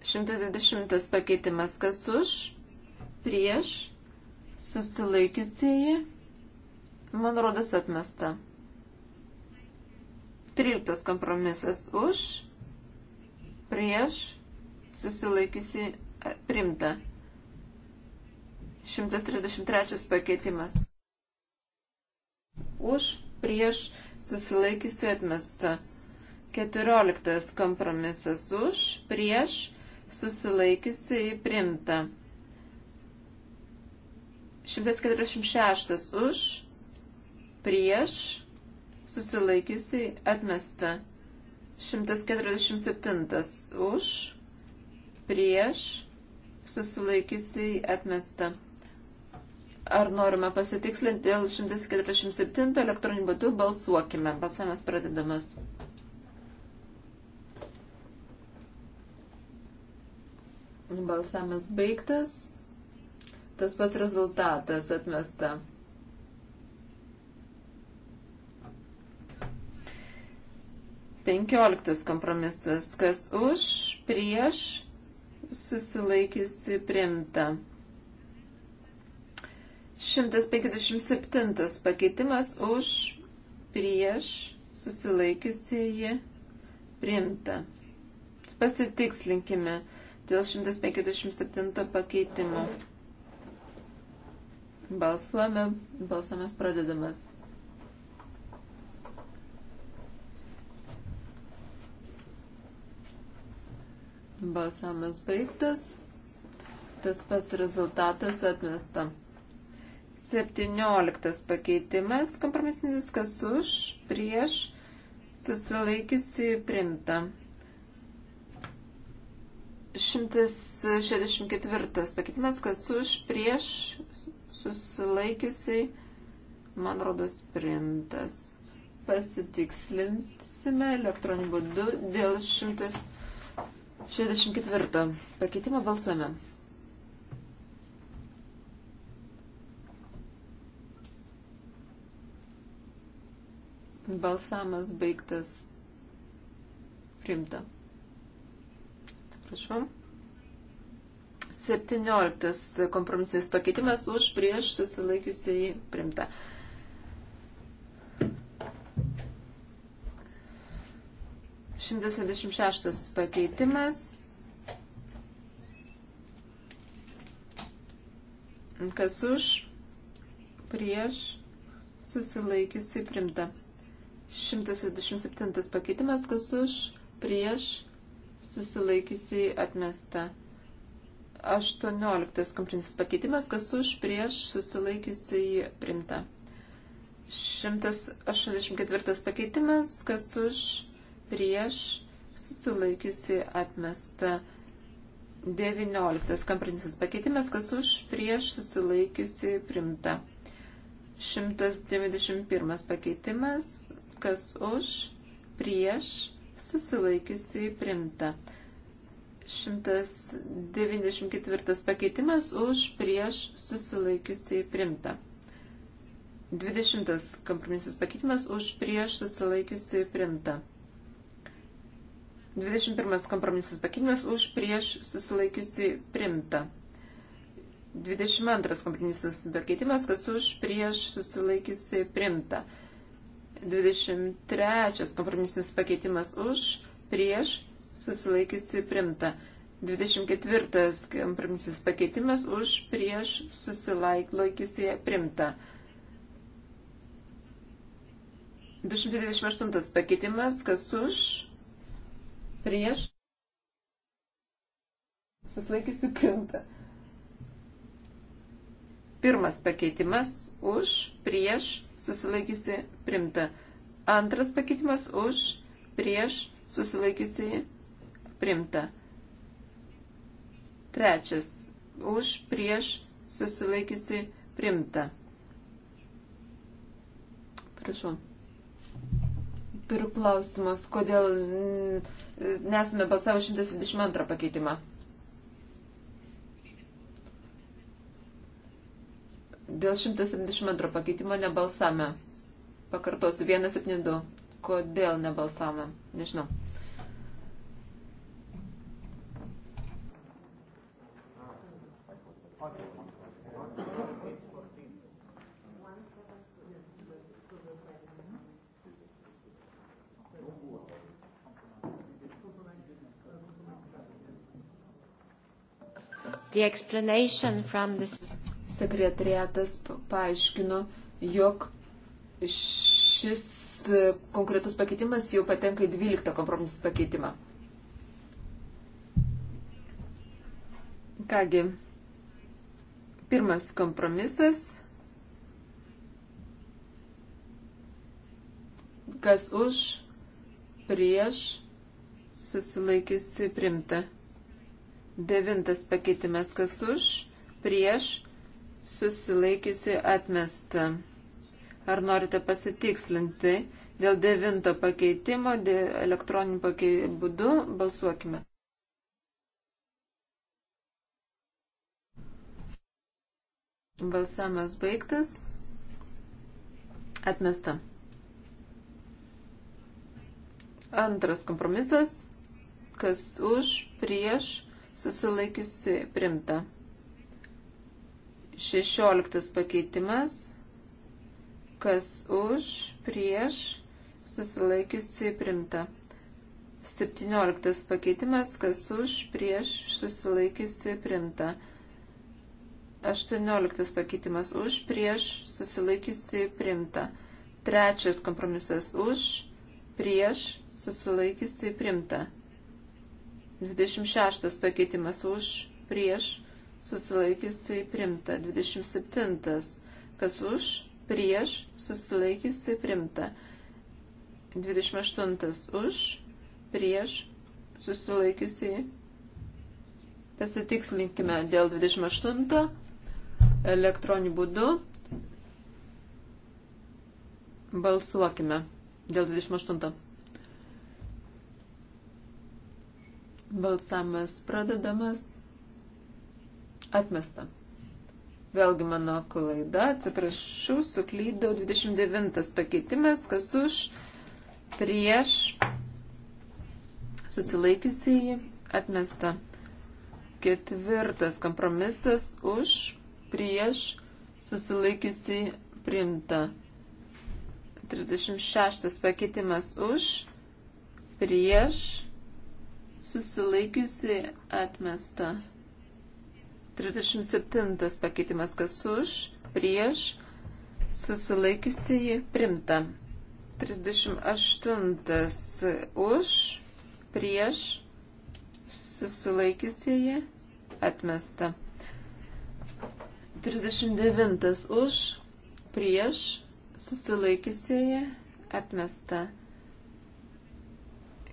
120 pakeitimas kas už, prieš, susilaikiusiai, man rodas atmesta. 13 kompromisas už, prieš, susilaikiusi, e, primta. 133 pakeitimas. Už, prieš, susilaikiusi atmesta. 14 kompromisas už, prieš, susilaikiusi įprimta. 146 už, prieš, susilaikiusi atmesta. 147 už, prieš, susilaikiusi atmesta. Ar norime pasitikslinti dėl 147 elektroninių būdų balsuokime. Balsavimas pradedamas. Balsavimas baigtas. Tas pas rezultatas atmesta. Penkioliktas kompromisas. Kas už, prieš, susilaikysi primta. 157 pakeitimas už prieš susilaikiusieji priimta. Pasitikslinkime dėl 157 pakeitimo. Balsuojame, balsamas pradedamas. Balsamas baigtas, tas pats rezultatas atmesta. 17 pakeitimas kompromisinis, kas už, prieš, susilaikiusi primta. 164 pakeitimas, kas už, prieš, susilaikiusi, man rodos, primtas. Pasitikslinsime elektroniniu būdu dėl 164 pakeitimo balsuojame. Balsamas baigtas. Primta. Atsiprašau. 17 kompromisinis pakeitimas už prieš susilaikiusiai primta. Šimtas dvidešimt šeštas pakeitimas. Kas už prieš susilaikiusiai primta. 127 pakeitimas, kas už, prieš, susilaikysiai atmesta. 18 kompromisinis pakeitimas, kas už, prieš, susilaikysiai primta. 184 pakeitimas, kas už, prieš, susilaikysiai atmesta. 19 kompromisinis pakeitimas, kas už, prieš, susilaikysiai primta. 191 pakeitimas, kas už, prieš, susilaikiusi primta. 194 pakeitimas už, prieš, susilaikiusi primta. 20 kompromisas pakeitimas už, prieš, susilaikiusi primta. 21 kompromisas pakeitimas už prieš susilaikiusi primta. 22 kompromisas pakeitimas, kas už prieš susilaikiusi primta. 23 kompromisinis pakeitimas už, prieš, susilaikiusi primta. 24 kompromisinis pakeitimas už, prieš, susilaikiusi primta. 228 pakeitimas, kas už, prieš, susilaikiusi primta. Pirmas pakeitimas už, prieš, susilaikiusi, primta. Antras pakeitimas už, prieš, susilaikiusi, primta. Trečias už, prieš, susilaikiusi, primta. Prašau. Turiu klausimas, kodėl nesame balsavo 122 pakeitimą. Dėl 172 pakeitimo nebalsame. Pakartosiu, 172. Kodėl nebalsame? Nežinau. The explanation from this sekretariatas paaiškino, jog šis konkretus pakeitimas jau patenka į 12 kompromisų pakeitimą. Kągi, pirmas kompromisas. Kas už, prieš, susilaikysi primta. Devintas pakeitimas, kas už, prieš, susilaikiusi atmesta. Ar norite pasitikslinti dėl devinto pakeitimo, dėl elektroninių pakei... būdų balsuokime. Balsamas baigtas. Atmesta. Antras kompromisas. Kas už, prieš, susilaikiusi primta. 16 pakeitimas, kas už, prieš, susilaikiusi primta. 17 pakeitimas, kas už, prieš, susilaikiusi primta. 18 pakeitimas už, prieš, susilaikiusi primta. Trečias kompromisas už, prieš, susilaikiusi primta. 26 pakeitimas už, prieš, susilaikiusiai primta. 27. Kas už, prieš, susilaikiusiai primta. 28. Už, prieš, susilaikiusiai. Pasitikslinkime dėl 28 elektroniniu būdu. Balsuokime dėl 28. Balsamas pradedamas. Atmesta. Vėlgi mano klaida, atsiprašau, suklydau 29 pakeitimas, kas už, prieš, susilaikiusiai, atmesta. Ketvirtas kompromisas už, prieš, susilaikiusiai, priimta. 36 pakeitimas už, prieš, susilaikiusiai, atmesta. 37 pakeitimas kas už, prieš, susilaikiusi primta. 38 už, prieš, susilaikiusi atmesta. 39 už, prieš, susilaikiusi atmesta.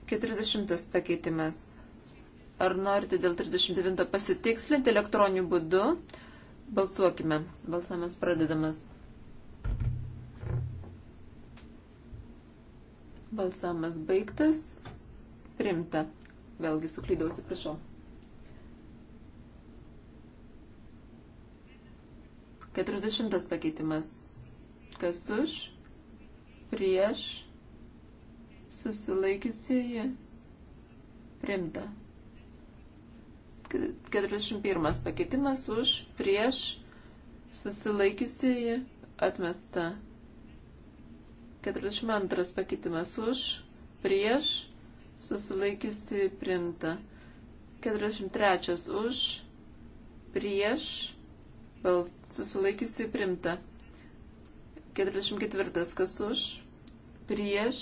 40 pakeitimas Ar norite dėl 39 pasitikslinti elektroniniu būdu? Balsuokime. Balsavimas pradedamas. Balsavimas baigtas. Primta. Vėlgi suklydau, atsiprašau. Keturiasdešimtas pakeitimas. Kas už? Prieš? Susilaikiusieji? Primta. 41 pakeitimas už prieš susilaikiusiai atmesta. 42 pakeitimas už prieš susilaikiusiai primta. 43 už prieš susilaikiusiai primta. 44 kas už prieš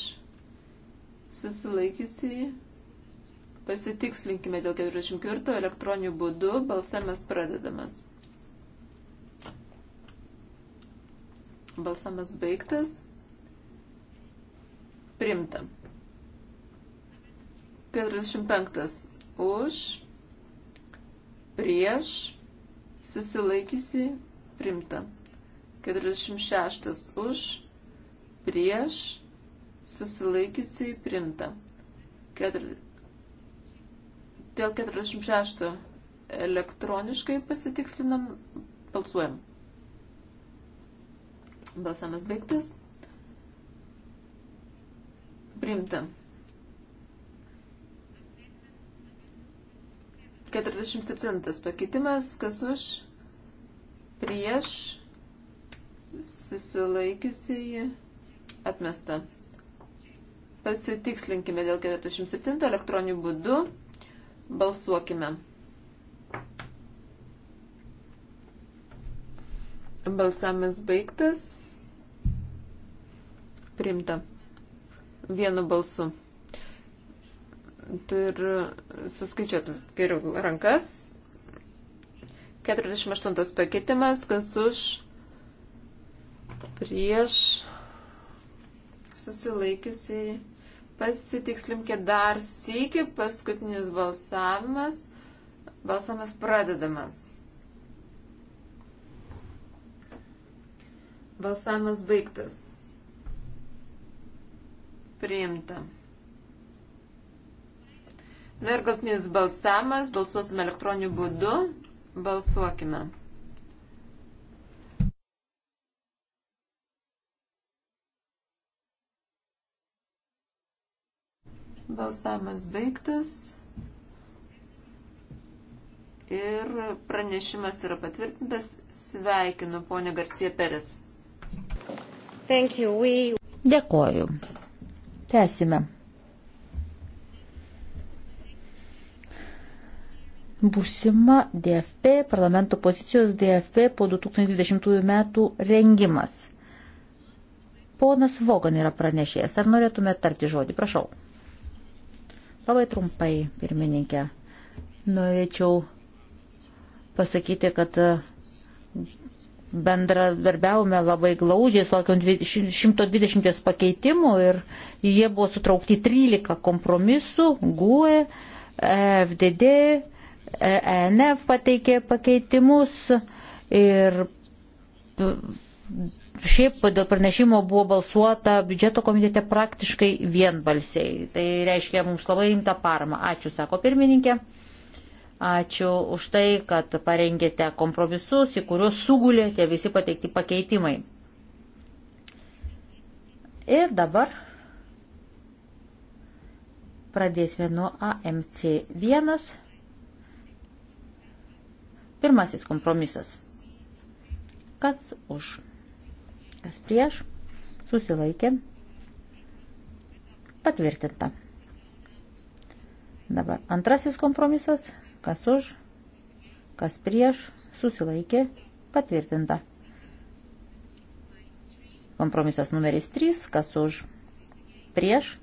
susilaikiusiai primta Pasitikslinkime dėl 44 elektroninių būdų. Balsavimas pradedamas. Balsavimas baigtas. Primta. 45. Už. Prieš. Susilaikysi. Primta. 46. Už. Prieš. Susilaikysi. Primta. 40 Dėl 46 elektroniškai pasitikslinam, balsuojam. Balsamas baigtas. Priimta. 47 pakeitimas, kas už, prieš, susilaikiusieji, atmesta. Pasitikslinkime dėl 47 elektroninių būdų. Balsuokime. Balsavimas baigtas. Primta. Vienu balsu. Tai ir suskaičiuotum geriau rankas. 48 pakeitimas, kas už, prieš, susilaikiusiai Pasitikslimkė dar sėki, paskutinis balsavimas. Balsavimas pradedamas. Balsavimas baigtas. Priimta. Na ir galtinis balsavimas, balsuosime elektroniniu būdu, balsuokime. Balsavimas baigtas. Ir pranešimas yra patvirtintas. Sveikinu, ponė Garcija Peres. We... Dėkoju. Tęsime. Būsima DFP, parlamento pozicijos DFP po 2020 metų rengimas. Ponas Vogan yra pranešėjęs. Ar norėtume tarti žodį? Prašau. Labai trumpai, pirmininkė, norėčiau pasakyti, kad e, bendradarbiavome labai glaudžiai, sulaukėm 120 pakeitimų ir jie buvo sutraukti 13 kompromisų, GUE, e, FDD, ENF e pateikė pakeitimus ir Šiaip dėl pranešimo buvo balsuota biudžeto komitete praktiškai vienbalsiai. Tai reiškia mums labai rimta parama. Ačiū, sako pirmininkė. Ačiū už tai, kad parengėte kompromisus, į kuriuos sugulėte visi pateikti pakeitimai. Ir dabar pradėsime nuo AMC1. Pirmasis kompromisas. Kas už? kas prieš, susilaikė, patvirtinta. Dabar antrasis kompromisas, kas už, kas prieš, susilaikė, patvirtinta. Kompromisas numeris 3, kas už, prieš,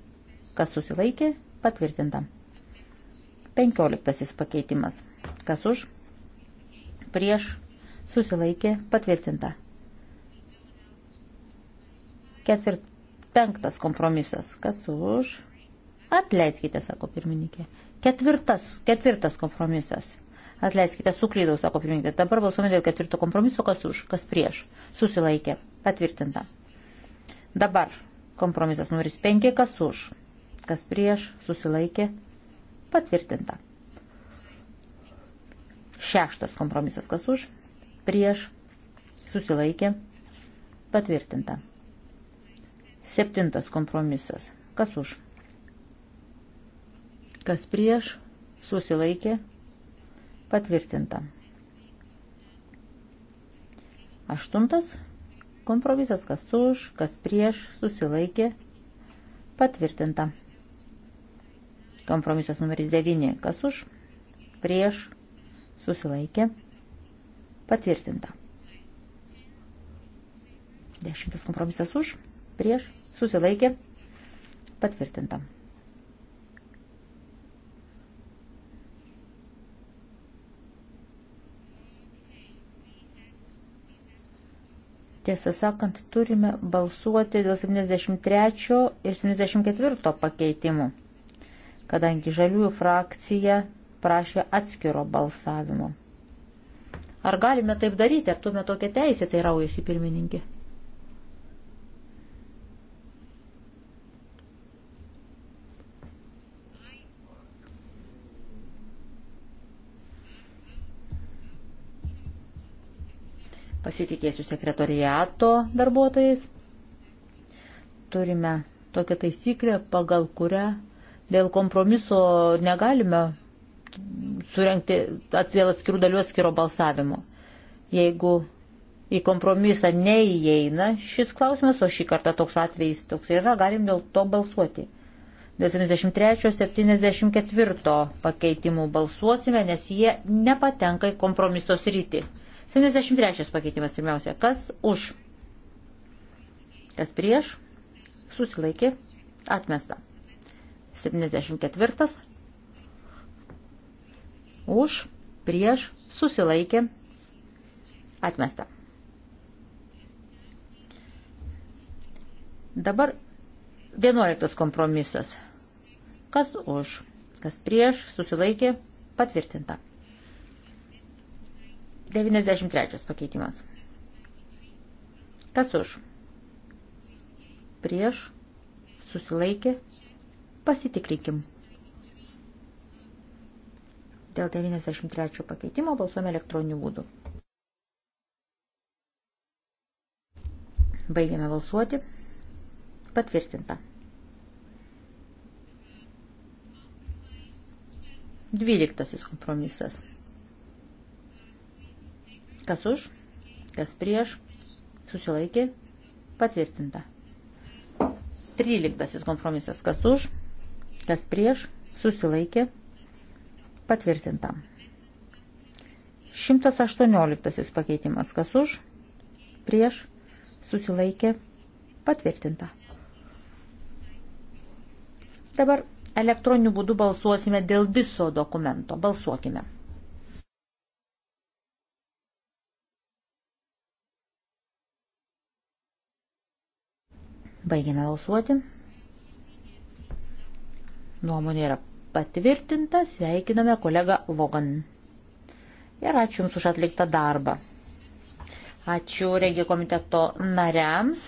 kas susilaikė, patvirtinta. Penkioliktasis pakeitimas, kas už, prieš, susilaikė, patvirtinta. Ketvirt, penktas kompromisas. Kas už? Atleiskite, sako pirmininkė. Ketvirtas, ketvirtas kompromisas. Atleiskite, suklydau, sako pirmininkė. Dabar balsuome dėl ketvirto kompromiso, kas už, kas prieš. Susilaikė. Patvirtinta. Dabar kompromisas numeris 5, kas už, kas prieš, susilaikė. Patvirtinta. Šeštas kompromisas, kas už, prieš, susilaikė. Patvirtinta. Septintas kompromisas. Kas už? Kas prieš? Susilaikė? Patvirtinta. Aštuntas kompromisas. Kas už? Kas prieš? Susilaikė? Patvirtinta. Kompromisas numeris 9. Kas už? Prieš? Susilaikė? Patvirtinta. Dešimtas kompromisas už? prieš, susilaikė, patvirtinta. Tiesą sakant, turime balsuoti dėl 73 ir 74 pakeitimų, kadangi žaliųjų frakcija prašė atskiro balsavimo. Ar galime taip daryti, ar tuome tokią teisę, tai raujasi pirmininkė? pasitikėsiu sekretoriato darbuotojais. Turime tokią taisyklę, pagal kurią dėl kompromiso negalime surenkti dėl atskirų dalių atskiro balsavimo. Jeigu į kompromisą neįeina šis klausimas, o šį kartą toks atvejis toks yra, galim dėl to balsuoti. Dėl 73-74 pakeitimų balsuosime, nes jie nepatenka į kompromisos rytį. 73 pakeitimas pirmiausia. Kas už? Kas prieš? Susilaikė. Atmesta. 74. Už. Prieš. Susilaikė. Atmesta. Dabar 11 kompromisas. Kas už? Kas prieš? Susilaikė. Patvirtinta. 93 pakeitimas. Kas už? Prieš, susilaikė, pasitikrinkim. Dėl 93 pakeitimo balsuojame elektroniniu būdu. Baigiame balsuoti. Patvirtinta. 12 kompromisas. Kas už, kas prieš, susilaikė, patvirtinta. 13 kompromisas. Kas už, kas prieš, susilaikė, patvirtinta. 118 pakeitimas. Kas už, prieš, susilaikė, patvirtinta. Dabar elektroniniu būdu balsuosime dėl viso dokumento. Balsuokime. Baigime balsuoti. Nuomonė yra patvirtinta. Sveikiname kolegą Vogan. Ir ačiū Jums už atliktą darbą. Ačiū regio komiteto nariams.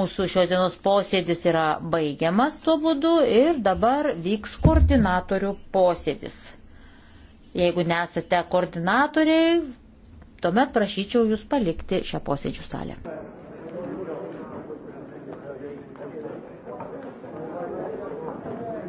Mūsų šios dienos posėdis yra baigiamas tuo būdu ir dabar vyks koordinatorių posėdis. Jeigu nesate koordinatoriai, tuomet prašyčiau jūs palikti šią posėdžių salę.